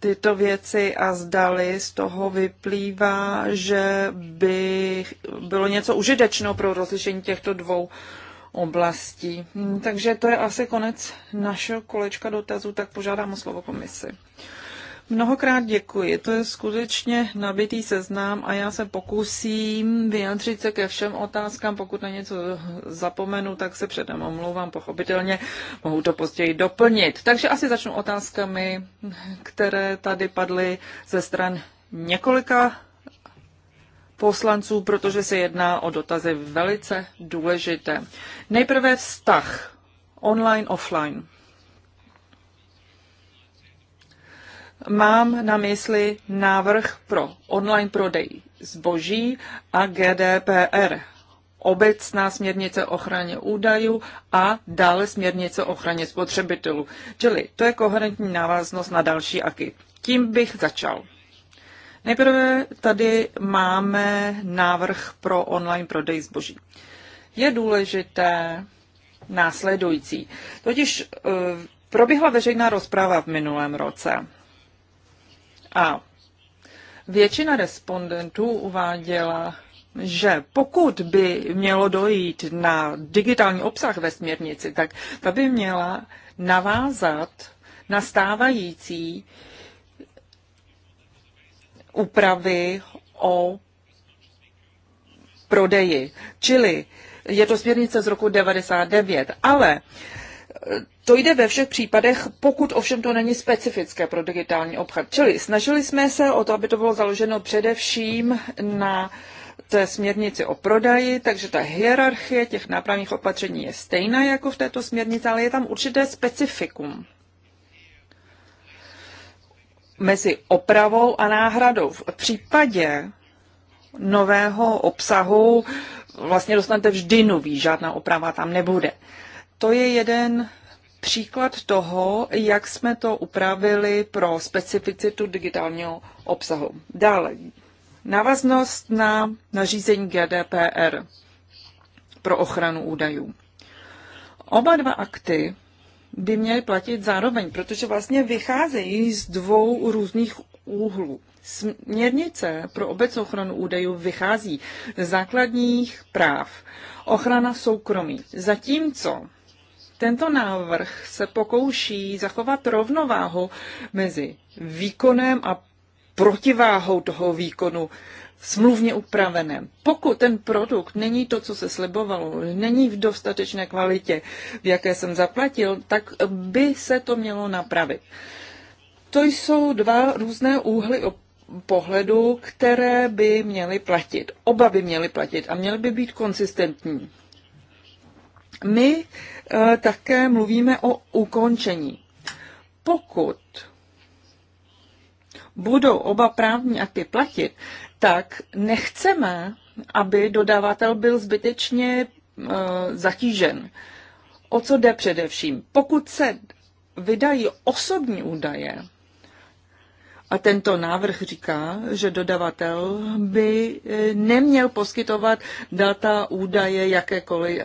tyto věci a zdali z toho vyplývá, že by bylo něco užitečného pro rozlišení těchto dvou oblastí. Hmm, takže to je asi konec našeho kolečka dotazů, tak požádám o slovo komisi. Mnohokrát děkuji. To je skutečně nabitý seznám a já se pokusím vyjádřit se ke všem otázkám. Pokud na něco zapomenu, tak se předem omlouvám, pochopitelně mohu to později doplnit. Takže asi začnu otázkami, které tady padly ze stran několika poslanců, protože se jedná o dotazy velice důležité. Nejprve vztah online-offline. Mám na mysli návrh pro online prodej zboží a GDPR, obecná směrnice o ochraně údajů a dále směrnice o ochraně spotřebitelů. Čili to je koherentní návaznost na další aky. Tím bych začal. Nejprve tady máme návrh pro online prodej zboží. Je důležité následující. Totiž eh, proběhla veřejná rozpráva v minulém roce a většina respondentů uváděla, že pokud by mělo dojít na digitální obsah ve směrnici, tak ta by měla navázat na stávající úpravy o prodeji. Čili je to směrnice z roku 99, ale to jde ve všech případech, pokud ovšem to není specifické pro digitální obchod. Čili snažili jsme se o to, aby to bylo založeno především na té směrnici o prodaji, takže ta hierarchie těch nápravních opatření je stejná jako v této směrnici, ale je tam určité specifikum mezi opravou a náhradou. V případě nového obsahu vlastně dostanete vždy nový, žádná oprava tam nebude to je jeden příklad toho, jak jsme to upravili pro specificitu digitálního obsahu. Dále, návaznost na nařízení GDPR pro ochranu údajů. Oba dva akty by měly platit zároveň, protože vlastně vycházejí z dvou různých úhlů. Směrnice pro obecnou ochranu údajů vychází z základních práv, ochrana soukromí, zatímco tento návrh se pokouší zachovat rovnováhu mezi výkonem a protiváhou toho výkonu smluvně upraveném. Pokud ten produkt není to, co se slibovalo, není v dostatečné kvalitě, v jaké jsem zaplatil, tak by se to mělo napravit. To jsou dva různé úhly pohledu, které by měly platit. Oba by měly platit a měly by být konsistentní. My eh, také mluvíme o ukončení. Pokud budou oba právní akty platit, tak nechceme, aby dodavatel byl zbytečně eh, zatížen. O co jde především? Pokud se vydají osobní údaje, a tento návrh říká, že dodavatel by eh, neměl poskytovat data, údaje jakékoliv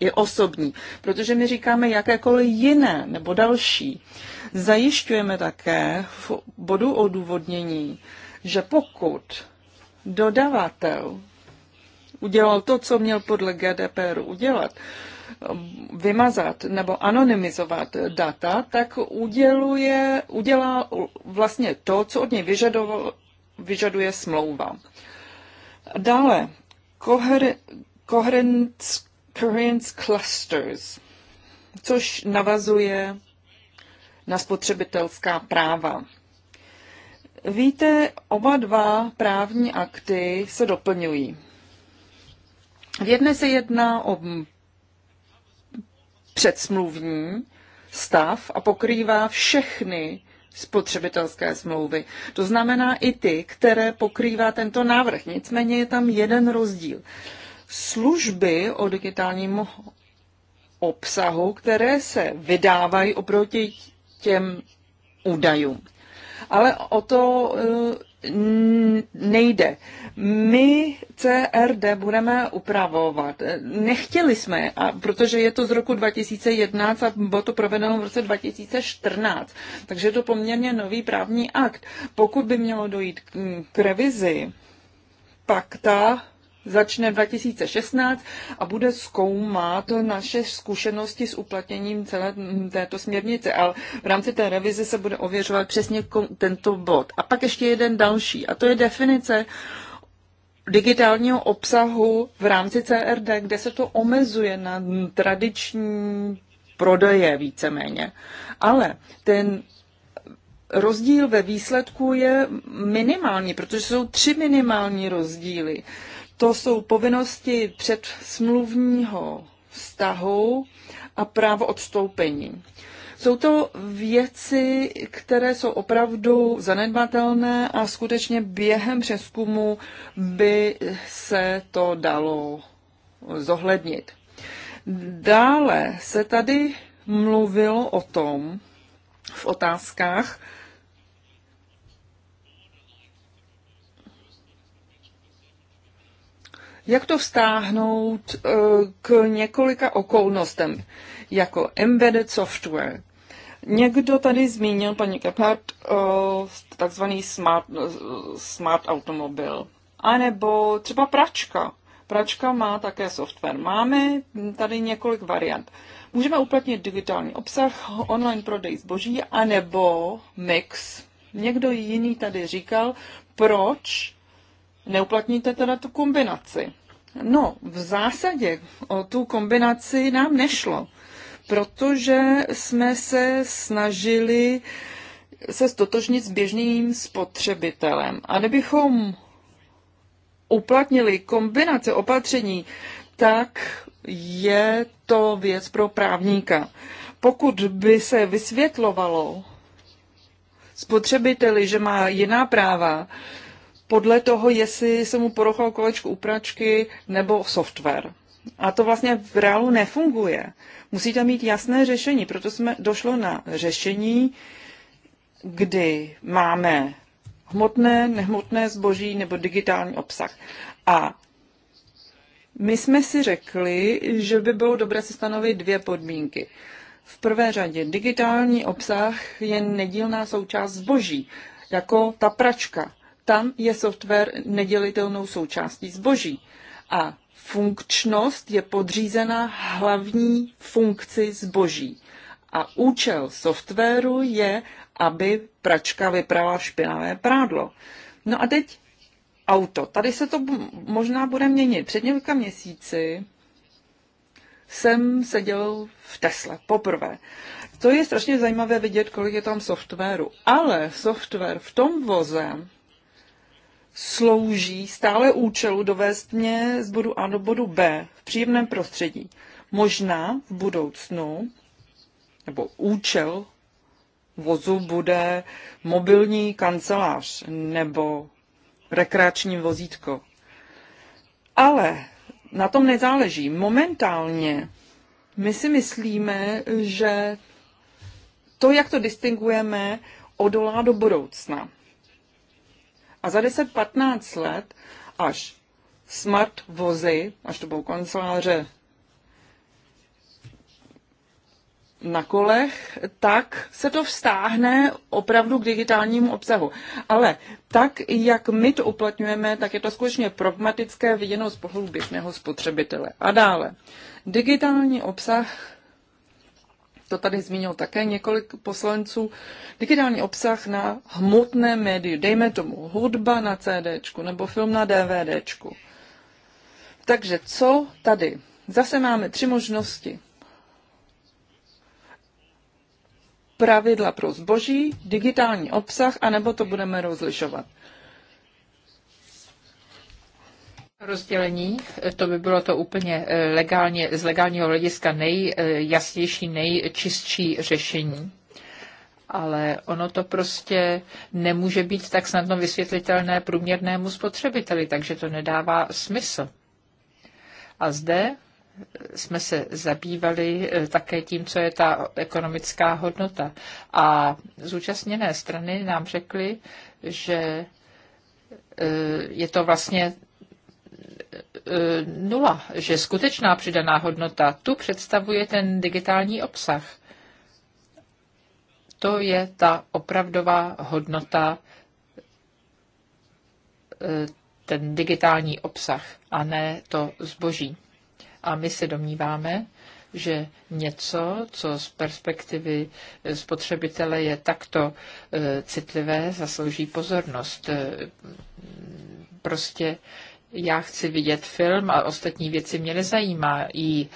i osobní, protože my říkáme jakékoliv jiné nebo další. Zajišťujeme také v bodu odůvodnění, že pokud dodavatel udělal to, co měl podle GDPR udělat, vymazat nebo anonymizovat data, tak uděluje, udělá vlastně to, co od něj vyžadoval, vyžaduje smlouva. Dále, koher, koherenc, Prince Clusters, což navazuje na spotřebitelská práva. Víte, oba dva právní akty se doplňují. V jedné se jedná o předsmluvní stav a pokrývá všechny spotřebitelské smlouvy. To znamená i ty, které pokrývá tento návrh. Nicméně je tam jeden rozdíl služby o digitálním obsahu, které se vydávají oproti těm údajům. Ale o to eh, nejde. My CRD budeme upravovat. Nechtěli jsme, a protože je to z roku 2011 a bylo to provedeno v roce 2014, takže je to poměrně nový právní akt. Pokud by mělo dojít k revizi ta začne 2016 a bude zkoumat naše zkušenosti s uplatněním celé této směrnice. Ale v rámci té revize se bude ověřovat přesně tento bod. A pak ještě jeden další, a to je definice digitálního obsahu v rámci CRD, kde se to omezuje na tradiční prodeje víceméně. Ale ten rozdíl ve výsledku je minimální, protože jsou tři minimální rozdíly. To jsou povinnosti předsmluvního vztahu a právo odstoupení. Jsou to věci, které jsou opravdu zanedbatelné a skutečně během přeskumu by se to dalo zohlednit. Dále se tady mluvilo o tom v otázkách, Jak to vztáhnout eh, k několika okolnostem, jako embedded software? Někdo tady zmínil, paní Kephart, eh, takzvaný smart, eh, smart automobil. A nebo třeba pračka. Pračka má také software. Máme tady několik variant. Můžeme uplatnit digitální obsah, online prodej zboží, anebo mix. Někdo jiný tady říkal, proč neuplatníte teda tu kombinaci. No, v zásadě o tu kombinaci nám nešlo, protože jsme se snažili se stotožnit s běžným spotřebitelem. A kdybychom uplatnili kombinaci opatření, tak je to věc pro právníka. Pokud by se vysvětlovalo spotřebiteli, že má jiná práva, podle toho, jestli se mu porochalo kolečko u pračky nebo software. A to vlastně v reálu nefunguje. Musíte mít jasné řešení, proto jsme došlo na řešení, kdy máme hmotné, nehmotné zboží nebo digitální obsah. A my jsme si řekli, že by bylo dobré si stanovit dvě podmínky. V prvé řadě digitální obsah je nedílná součást zboží, jako ta pračka tam je software nedělitelnou součástí zboží. A funkčnost je podřízena hlavní funkci zboží. A účel softwaru je, aby pračka vyprala špinavé prádlo. No a teď auto. Tady se to možná bude měnit. Před několika měsíci jsem seděl v Tesle poprvé. To je strašně zajímavé vidět, kolik je tam softwaru. Ale software v tom voze slouží stále účelu dovést mě z bodu A do bodu B v příjemném prostředí. Možná v budoucnu, nebo účel vozu bude mobilní kancelář nebo rekreační vozítko. Ale na tom nezáleží. Momentálně my si myslíme, že to, jak to distingujeme, odolá do budoucna. A za 10-15 let, až smart vozy, až to budou kanceláře na kolech, tak se to vztáhne opravdu k digitálnímu obsahu. Ale tak, jak my to uplatňujeme, tak je to skutečně problematické viděno z pohledu běžného spotřebitele. A dále. Digitální obsah to tady zmínil také několik poslanců, digitální obsah na hmotném médiu, dejme tomu hudba na CDčku nebo film na DVDčku. Takže co tady? Zase máme tři možnosti. Pravidla pro zboží, digitální obsah, anebo to budeme rozlišovat. Rozdělení, to by bylo to úplně eh, legálně, z legálního hlediska nejjasnější, nejčistší řešení ale ono to prostě nemůže být tak snadno vysvětlitelné průměrnému spotřebiteli, takže to nedává smysl. A zde eh, jsme se zabývali eh, také tím, co je ta ekonomická hodnota. A zúčastněné strany nám řekly, že je to vlastně nula, že skutečná přidaná hodnota tu představuje ten digitální obsah. To je ta opravdová hodnota, eh, ten digitální obsah a ne to zboží. A my se domníváme, že něco, co z perspektivy spotřebitele je takto eh, citlivé, zaslouží pozornost. Eh, prostě já chci vidět film a ostatní věci mě nezajímá. I, e,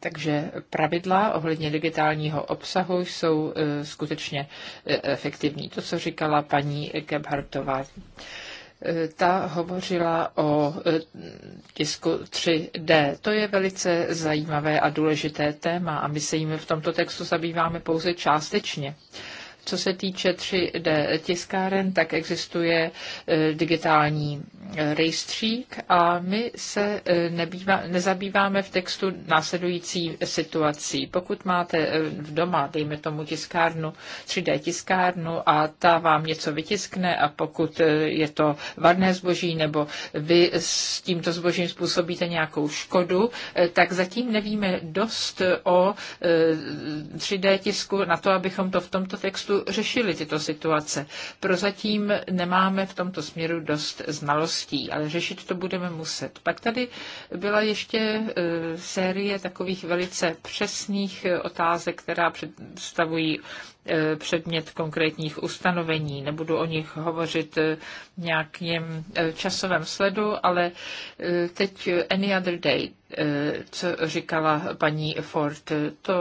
takže pravidla ohledně digitálního obsahu jsou e, skutečně e, efektivní. To, co říkala paní Gebhardtová, e, ta hovořila o e, tisku 3D. To je velice zajímavé a důležité téma a my se jim v tomto textu zabýváme pouze částečně. E, co se týče 3D tiskáren, tak existuje e, digitální e, rejstřík a my se e, nebývá, nezabýváme v textu následující situací. Pokud máte v doma, dejme tomu tiskárnu, 3D tiskárnu a ta vám něco vytiskne a pokud je to varné zboží nebo vy s tímto zbožím způsobíte nějakou škodu, tak zatím nevíme dost o 3D tisku na to, abychom to v tomto textu času řešili tyto situace. Prozatím nemáme v tomto směru dost znalostí, ale řešit to budeme muset. Pak tady byla ještě e, série takových velice přesných otázek, která představují E, předmět konkrétních ustanovení. Nebudu o nich hovořit e, nějakým e, časovém sledu, ale teď Any Other Day, co říkala paní Ford, to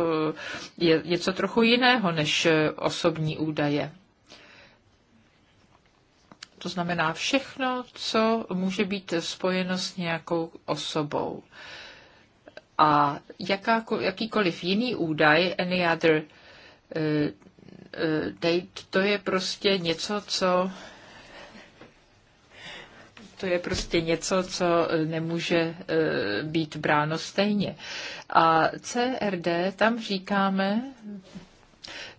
je něco trochu jiného než osobní údaje. To znamená všechno, co může být spojeno s nějakou osobou. A jakáko, jakýkoliv jiný údaj, any other dej, to je prostě něco, co to je prostě něco, co eh, nemůže eh, být bráno stejně. A CRD tam říkáme,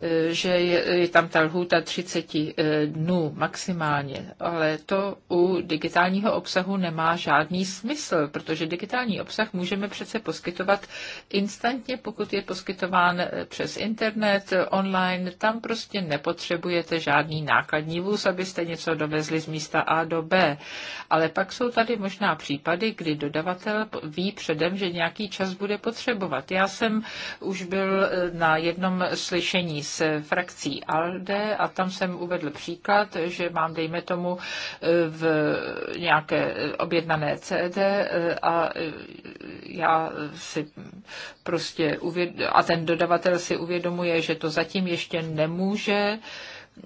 E, že je, je tam ta lhůta 30 e, dnů maximálně, ale to u digitálního obsahu nemá žádný smysl, protože digitální obsah můžeme přece poskytovat instantně, pokud je poskytován e, přes internet, online, tam prostě nepotřebujete žádný nákladní vůz, abyste něco dovezli z místa A do B. Ale pak jsou tady možná případy, kdy dodavatel ví předem, že nějaký čas bude potřebovat. Já jsem už byl na jednom slyšení s frakcí ALDE a tam jsem uvedl příklad, že mám, dejme tomu, v nějaké objednané CD eh, a eh, já si prostě uvěd- a ten dodavatel si uvědomuje, že to zatím ještě nemůže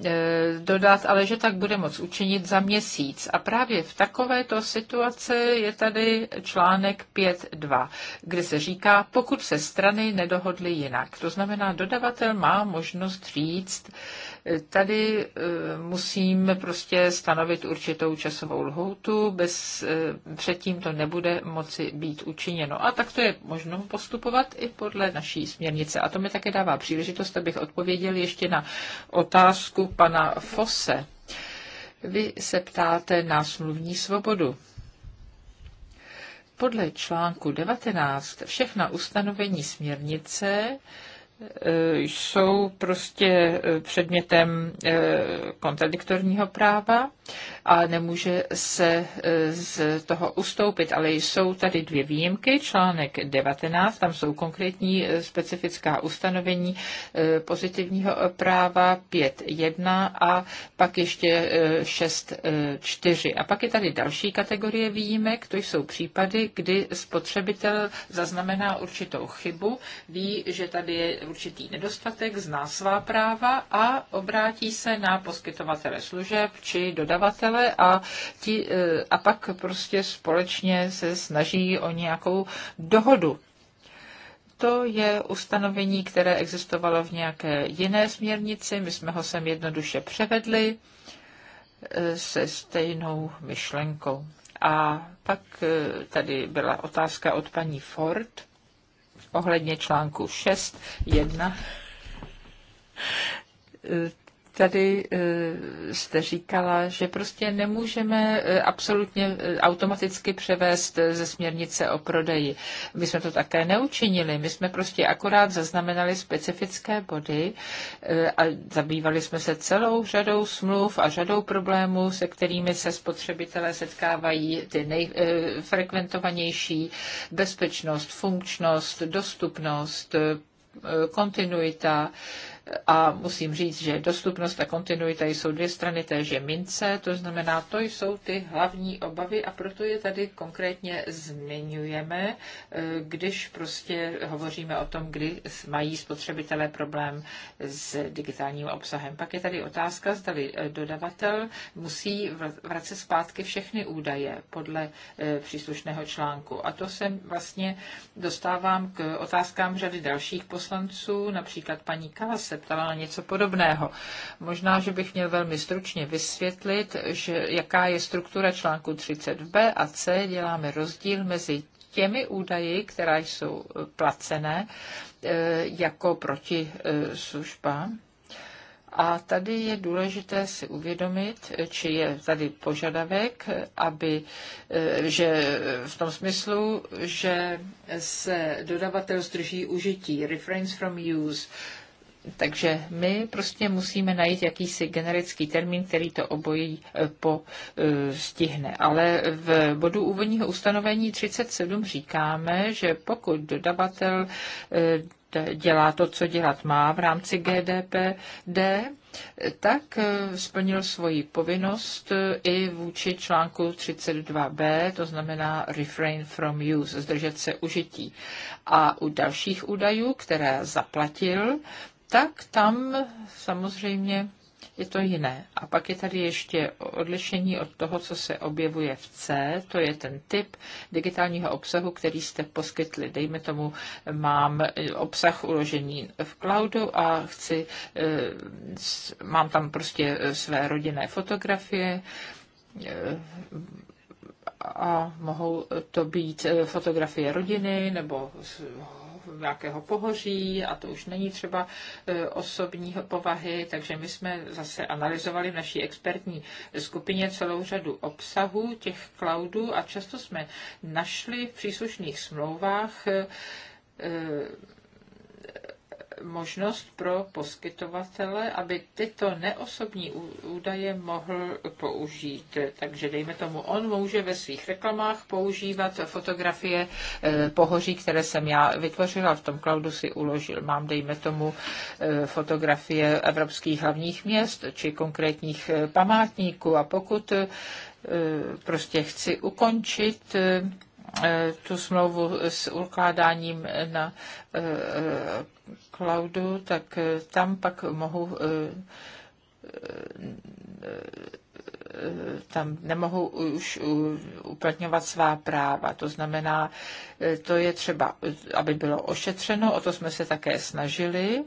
E, dodat, ale že tak bude moc učinit za měsíc. A právě v takovéto situaci je tady článek 5.2, kde se říká, pokud se strany nedohodly jinak. To znamená, dodavatel má možnost říct, Tady eh, musím prostě stanovit určitou časovou lhoutu, bez, eh, předtím to nebude moci být učiněno. A tak to je možno postupovat i podle naší směrnice. A to mi také dává příležitost, abych odpověděl ještě na otázku pana Fose. Vy se ptáte na smluvní svobodu. Podle článku 19 všechna ustanovení směrnice E, jsou prostě e, předmětem e, kontradiktorního práva a nemůže se z toho ustoupit. Ale jsou tady dvě výjimky. Článek 19, tam jsou konkrétní specifická ustanovení pozitivního práva 5.1 a pak ještě 6.4. A pak je tady další kategorie výjimek, to jsou případy, kdy spotřebitel zaznamená určitou chybu, ví, že tady je určitý nedostatek, zná svá práva a obrátí se na poskytovatele služeb či dodavatele a, ti, e, a pak prostě společně se snaží o nějakou dohodu to je ustanovení, které existovalo v nějaké jiné směrnici. My jsme ho sem jednoduše převedli e, se stejnou myšlenkou. A pak e, tady byla otázka od paní Ford ohledně článku 6.1 tady eh, jste říkala, že prostě nemůžeme eh, absolutně eh, automaticky převést ze směrnice o prodeji. My jsme to také neučinili. My jsme prostě akorát zaznamenali specifické body a zabývali jsme se celou řadou smluv a řadou problémů, se kterými se spotřebitelé setkávají, ty nejfrekventovanější, bezpečnost, funkčnost, dostupnost, kontinuita, a musím říct, že dostupnost a kontinuita jsou dvě strany téže mince, to znamená, to jsou ty hlavní obavy a proto je tady konkrétně zmiňujeme, eh, když prostě hovoříme o tom, kdy mají spotřebitelé problém s digitálním obsahem. Pak je tady otázka, zda eh, dodavatel musí vracet zpátky všechny údaje podle eh, příslušného článku. A to se vlastně dostávám k otázkám řady dalších poslanců, například paní Kalase, se ptala na něco podobného. Možná, že bych měl velmi stručně vysvětlit, že jaká je struktura článku 30b a c. Děláme rozdíl mezi těmi údaji, která jsou e, placené e, jako proti e, služba. A tady je důležité si uvědomit, či je tady požadavek, aby, že v tom smyslu, že se dodavatel zdrží užití, refrains from use, takže my prostě musíme najít jakýsi generický termín, který to obojí e, postihne. E, Ale v bodu úvodního ustanovení 37 říkáme, že pokud dodavatel e, dělá to, co dělat má v rámci GDPD, tak splnil svoji povinnost i vůči článku 32b, to znamená refrain from use, zdržet se užití. A u dalších údajů, které zaplatil, tak tam samozřejmě je to jiné. A pak je tady ještě odlišení od toho, co se objevuje v C, to je ten typ digitálního obsahu, který jste poskytli. Dejme tomu, mám obsah uložený v cloudu a chci, eh, mám tam prostě své rodinné fotografie, eh, a mohou to být eh, fotografie rodiny nebo nějakého pohoří a to už není třeba e, osobní povahy, takže my jsme zase analyzovali v naší expertní skupině celou řadu obsahů těch cloudů a často jsme našli v příslušných smlouvách e, možnost pro poskytovatele, aby tyto neosobní údaje mohl použít. Takže dejme tomu, on může ve svých reklamách používat fotografie eh, pohoří, které jsem já vytvořila, v tom cloudu si uložil. Mám, dejme tomu, eh, fotografie evropských hlavních měst či konkrétních eh, památníků a pokud prostě chci ukončit tu smlouvu s ukládáním na cloudu, tak eh, tam pak mohou eh, eh, tam nemohou už uplatňovat svá práva. To znamená, to je třeba, aby bylo ošetřeno, o to jsme se také snažili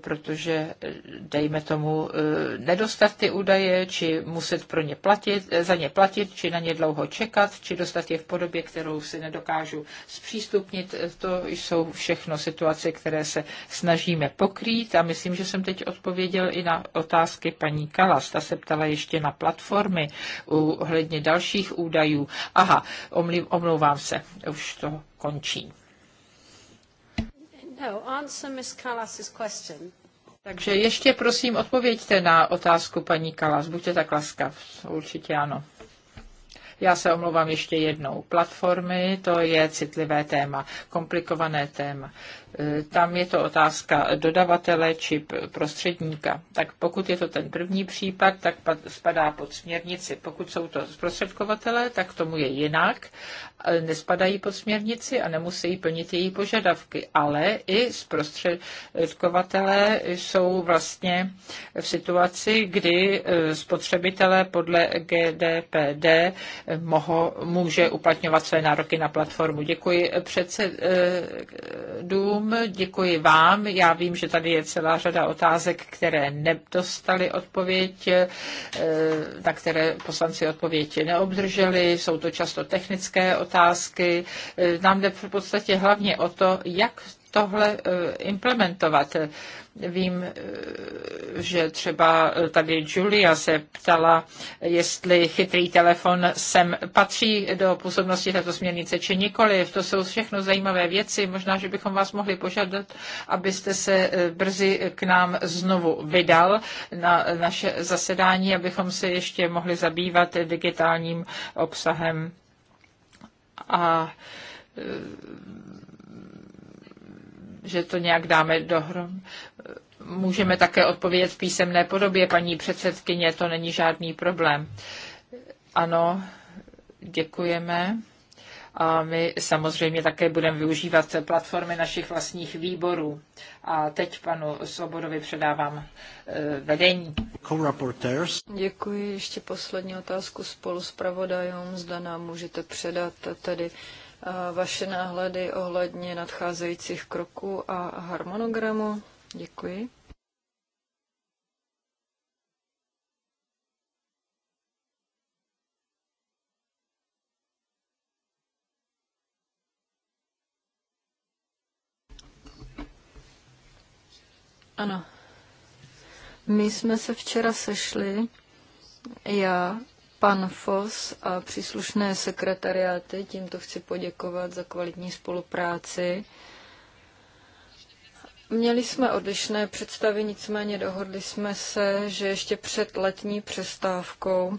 protože, dejme tomu, eh, nedostat ty údaje, či muset pro ně platit, eh, za ně platit, či na ně dlouho čekat, či dostat je v podobě, kterou si nedokážu zpřístupnit, eh, to jsou všechno situace, které se snažíme pokrýt a myslím, že jsem teď odpověděl i na otázky paní Kalas. Ta se ptala ještě na platformy ohledně dalších údajů. Aha, omlouvám se, už to končím. No, answer Ms. question. Takže ještě prosím odpověďte na otázku paní Kalas. Buďte tak laskav. Určitě ano. Já se omlouvám ještě jednou. Platformy, to je citlivé téma, komplikované téma. E, tam je to otázka dodavatele či prostředníka. Tak pokud je to ten první případ, tak spadá pod směrnici. Pokud jsou to zprostředkovatele, tak tomu je jinak. E, nespadají pod směrnici a nemusí plnit její požadavky, ale i zprostředkovatelé jsou vlastně v situaci, kdy e, spotřebitelé podle GDPD e, moho, může uplatňovat své nároky na platformu. Děkuji předsedům, děkuji vám. Já vím, že tady je celá řada otázek, které nedostali odpověď, na které poslanci odpověď neobdrželi. Jsou to často technické otázky, otázky. E, nám jde v podstatě hlavně o to, jak tohle e, implementovat. Vím, e, že třeba tady Julia se ptala, jestli chytrý telefon sem patří do působnosti této směrnice či nikoli. To jsou všechno zajímavé věci. Možná, že bychom vás mohli požádat, abyste se brzy k nám znovu vydal na naše zasedání, abychom se ještě mohli zabývat digitálním obsahem a e, že to nějak dáme dohrom. Můžeme také odpovědět v písemné podobě, paní předsedkyně, to není žádný problém. Ano, děkujeme a my samozřejmě také budeme využívat platformy našich vlastních výborů. A teď panu Svobodovi předávám eh, vedení. Děkuji. Ještě poslední otázku spolu s pravodajům. Zda nám můžete předat tedy eh, vaše náhledy ohledně nadcházejících kroků a harmonogramu. Děkuji. Ano. My jsme se včera sešli, já, pan Fos a příslušné sekretariáty, tímto chci poděkovat za kvalitní spolupráci. Měli jsme odlišné představy, nicméně dohodli jsme se, že ještě před letní přestávkou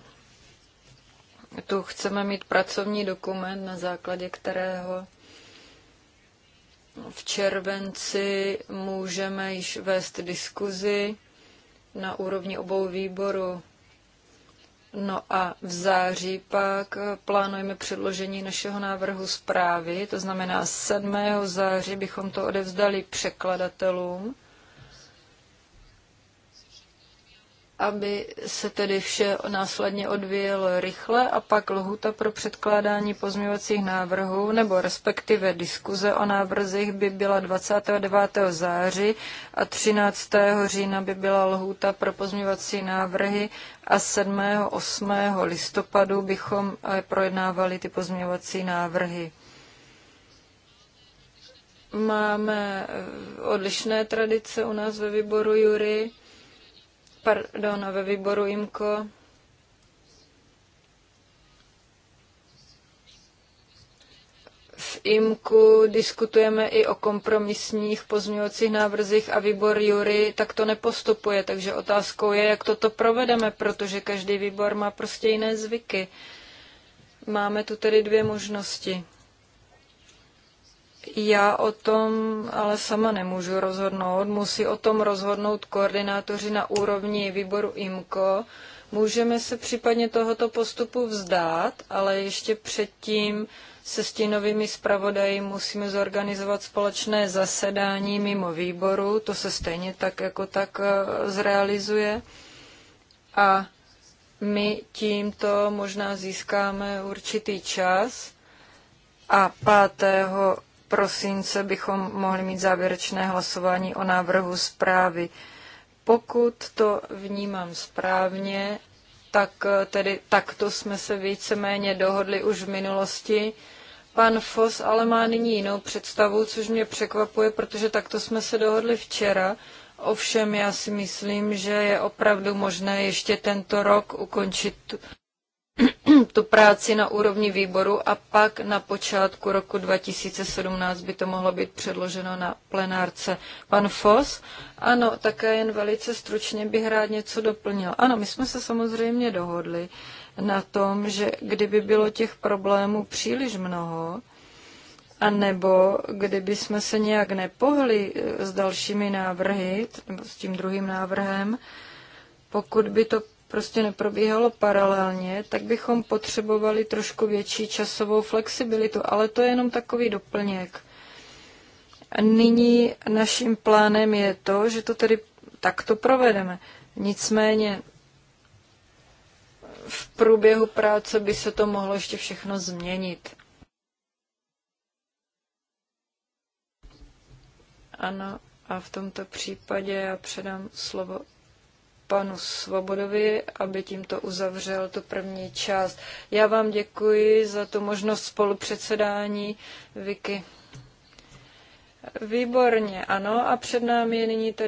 tu chceme mít pracovní dokument, na základě kterého v červenci můžeme již vést diskuzi na úrovni obou výborů. No a v září pak plánujeme předložení našeho návrhu zprávy, to znamená 7. září bychom to odevzdali překladatelům. aby se tedy vše následně odvíjelo rychle a pak lhuta pro předkládání pozměňovacích návrhů nebo respektive diskuze o návrzích by byla 29. září a 13. října by byla lhuta pro pozměňovací návrhy a 7. 8. listopadu bychom eh, projednávali ty pozměňovací návrhy máme eh, odlišné tradice u nás ve výboru Jury pardon, ve výboru IMKO v IMKU diskutujeme i o kompromisních pozměňovacích návrzích a výbor Jury tak to nepostupuje, takže otázkou je, jak toto provedeme, protože každý výbor má prostě jiné zvyky. Máme tu tedy dvě možnosti. Já o tom ale sama nemůžu rozhodnout. Musí o tom rozhodnout koordinátoři na úrovni výboru Imko. Můžeme se případně tohoto postupu vzdát, ale ještě předtím se stínovými zpravodaji musíme zorganizovat společné zasedání mimo výboru. To se stejně tak jako tak eh, zrealizuje. A my tímto možná získáme určitý čas. A 5 prosince bychom mohli mít závěrečné hlasování o návrhu zprávy. Pokud to vnímám správně, tak tedy takto jsme se víceméně dohodli už v minulosti. Pan Fos ale má nyní jinou představu, což mě překvapuje, protože takto jsme se dohodli včera. Ovšem já si myslím, že je opravdu možné ještě tento rok ukončit tu práci na úrovni výboru a pak na počátku roku 2017 by to mohlo být předloženo na plenárce. Pan Fos? Ano, také jen velice stručně bych rád něco doplnil. Ano, my jsme se samozřejmě dohodli na tom, že kdyby bylo těch problémů příliš mnoho, a nebo kdyby jsme se nějak nepohli eh, s dalšími návrhy, nebo s tím druhým návrhem, pokud by to prostě neprobíhalo paralelně, tak bychom potřebovali trošku větší časovou flexibilitu, ale to je jenom takový doplněk. Nyní naším plánem je to, že to tedy takto provedeme. Nicméně v průběhu práce by se to mohlo ještě všechno změnit. Ano, a v tomto případě já předám slovo panu Svobodovi, aby tímto uzavřel tu první část. Já vám děkuji za tu možnost spolupředsedání, Vicky. Výborně, ano, a před námi je nyní tedy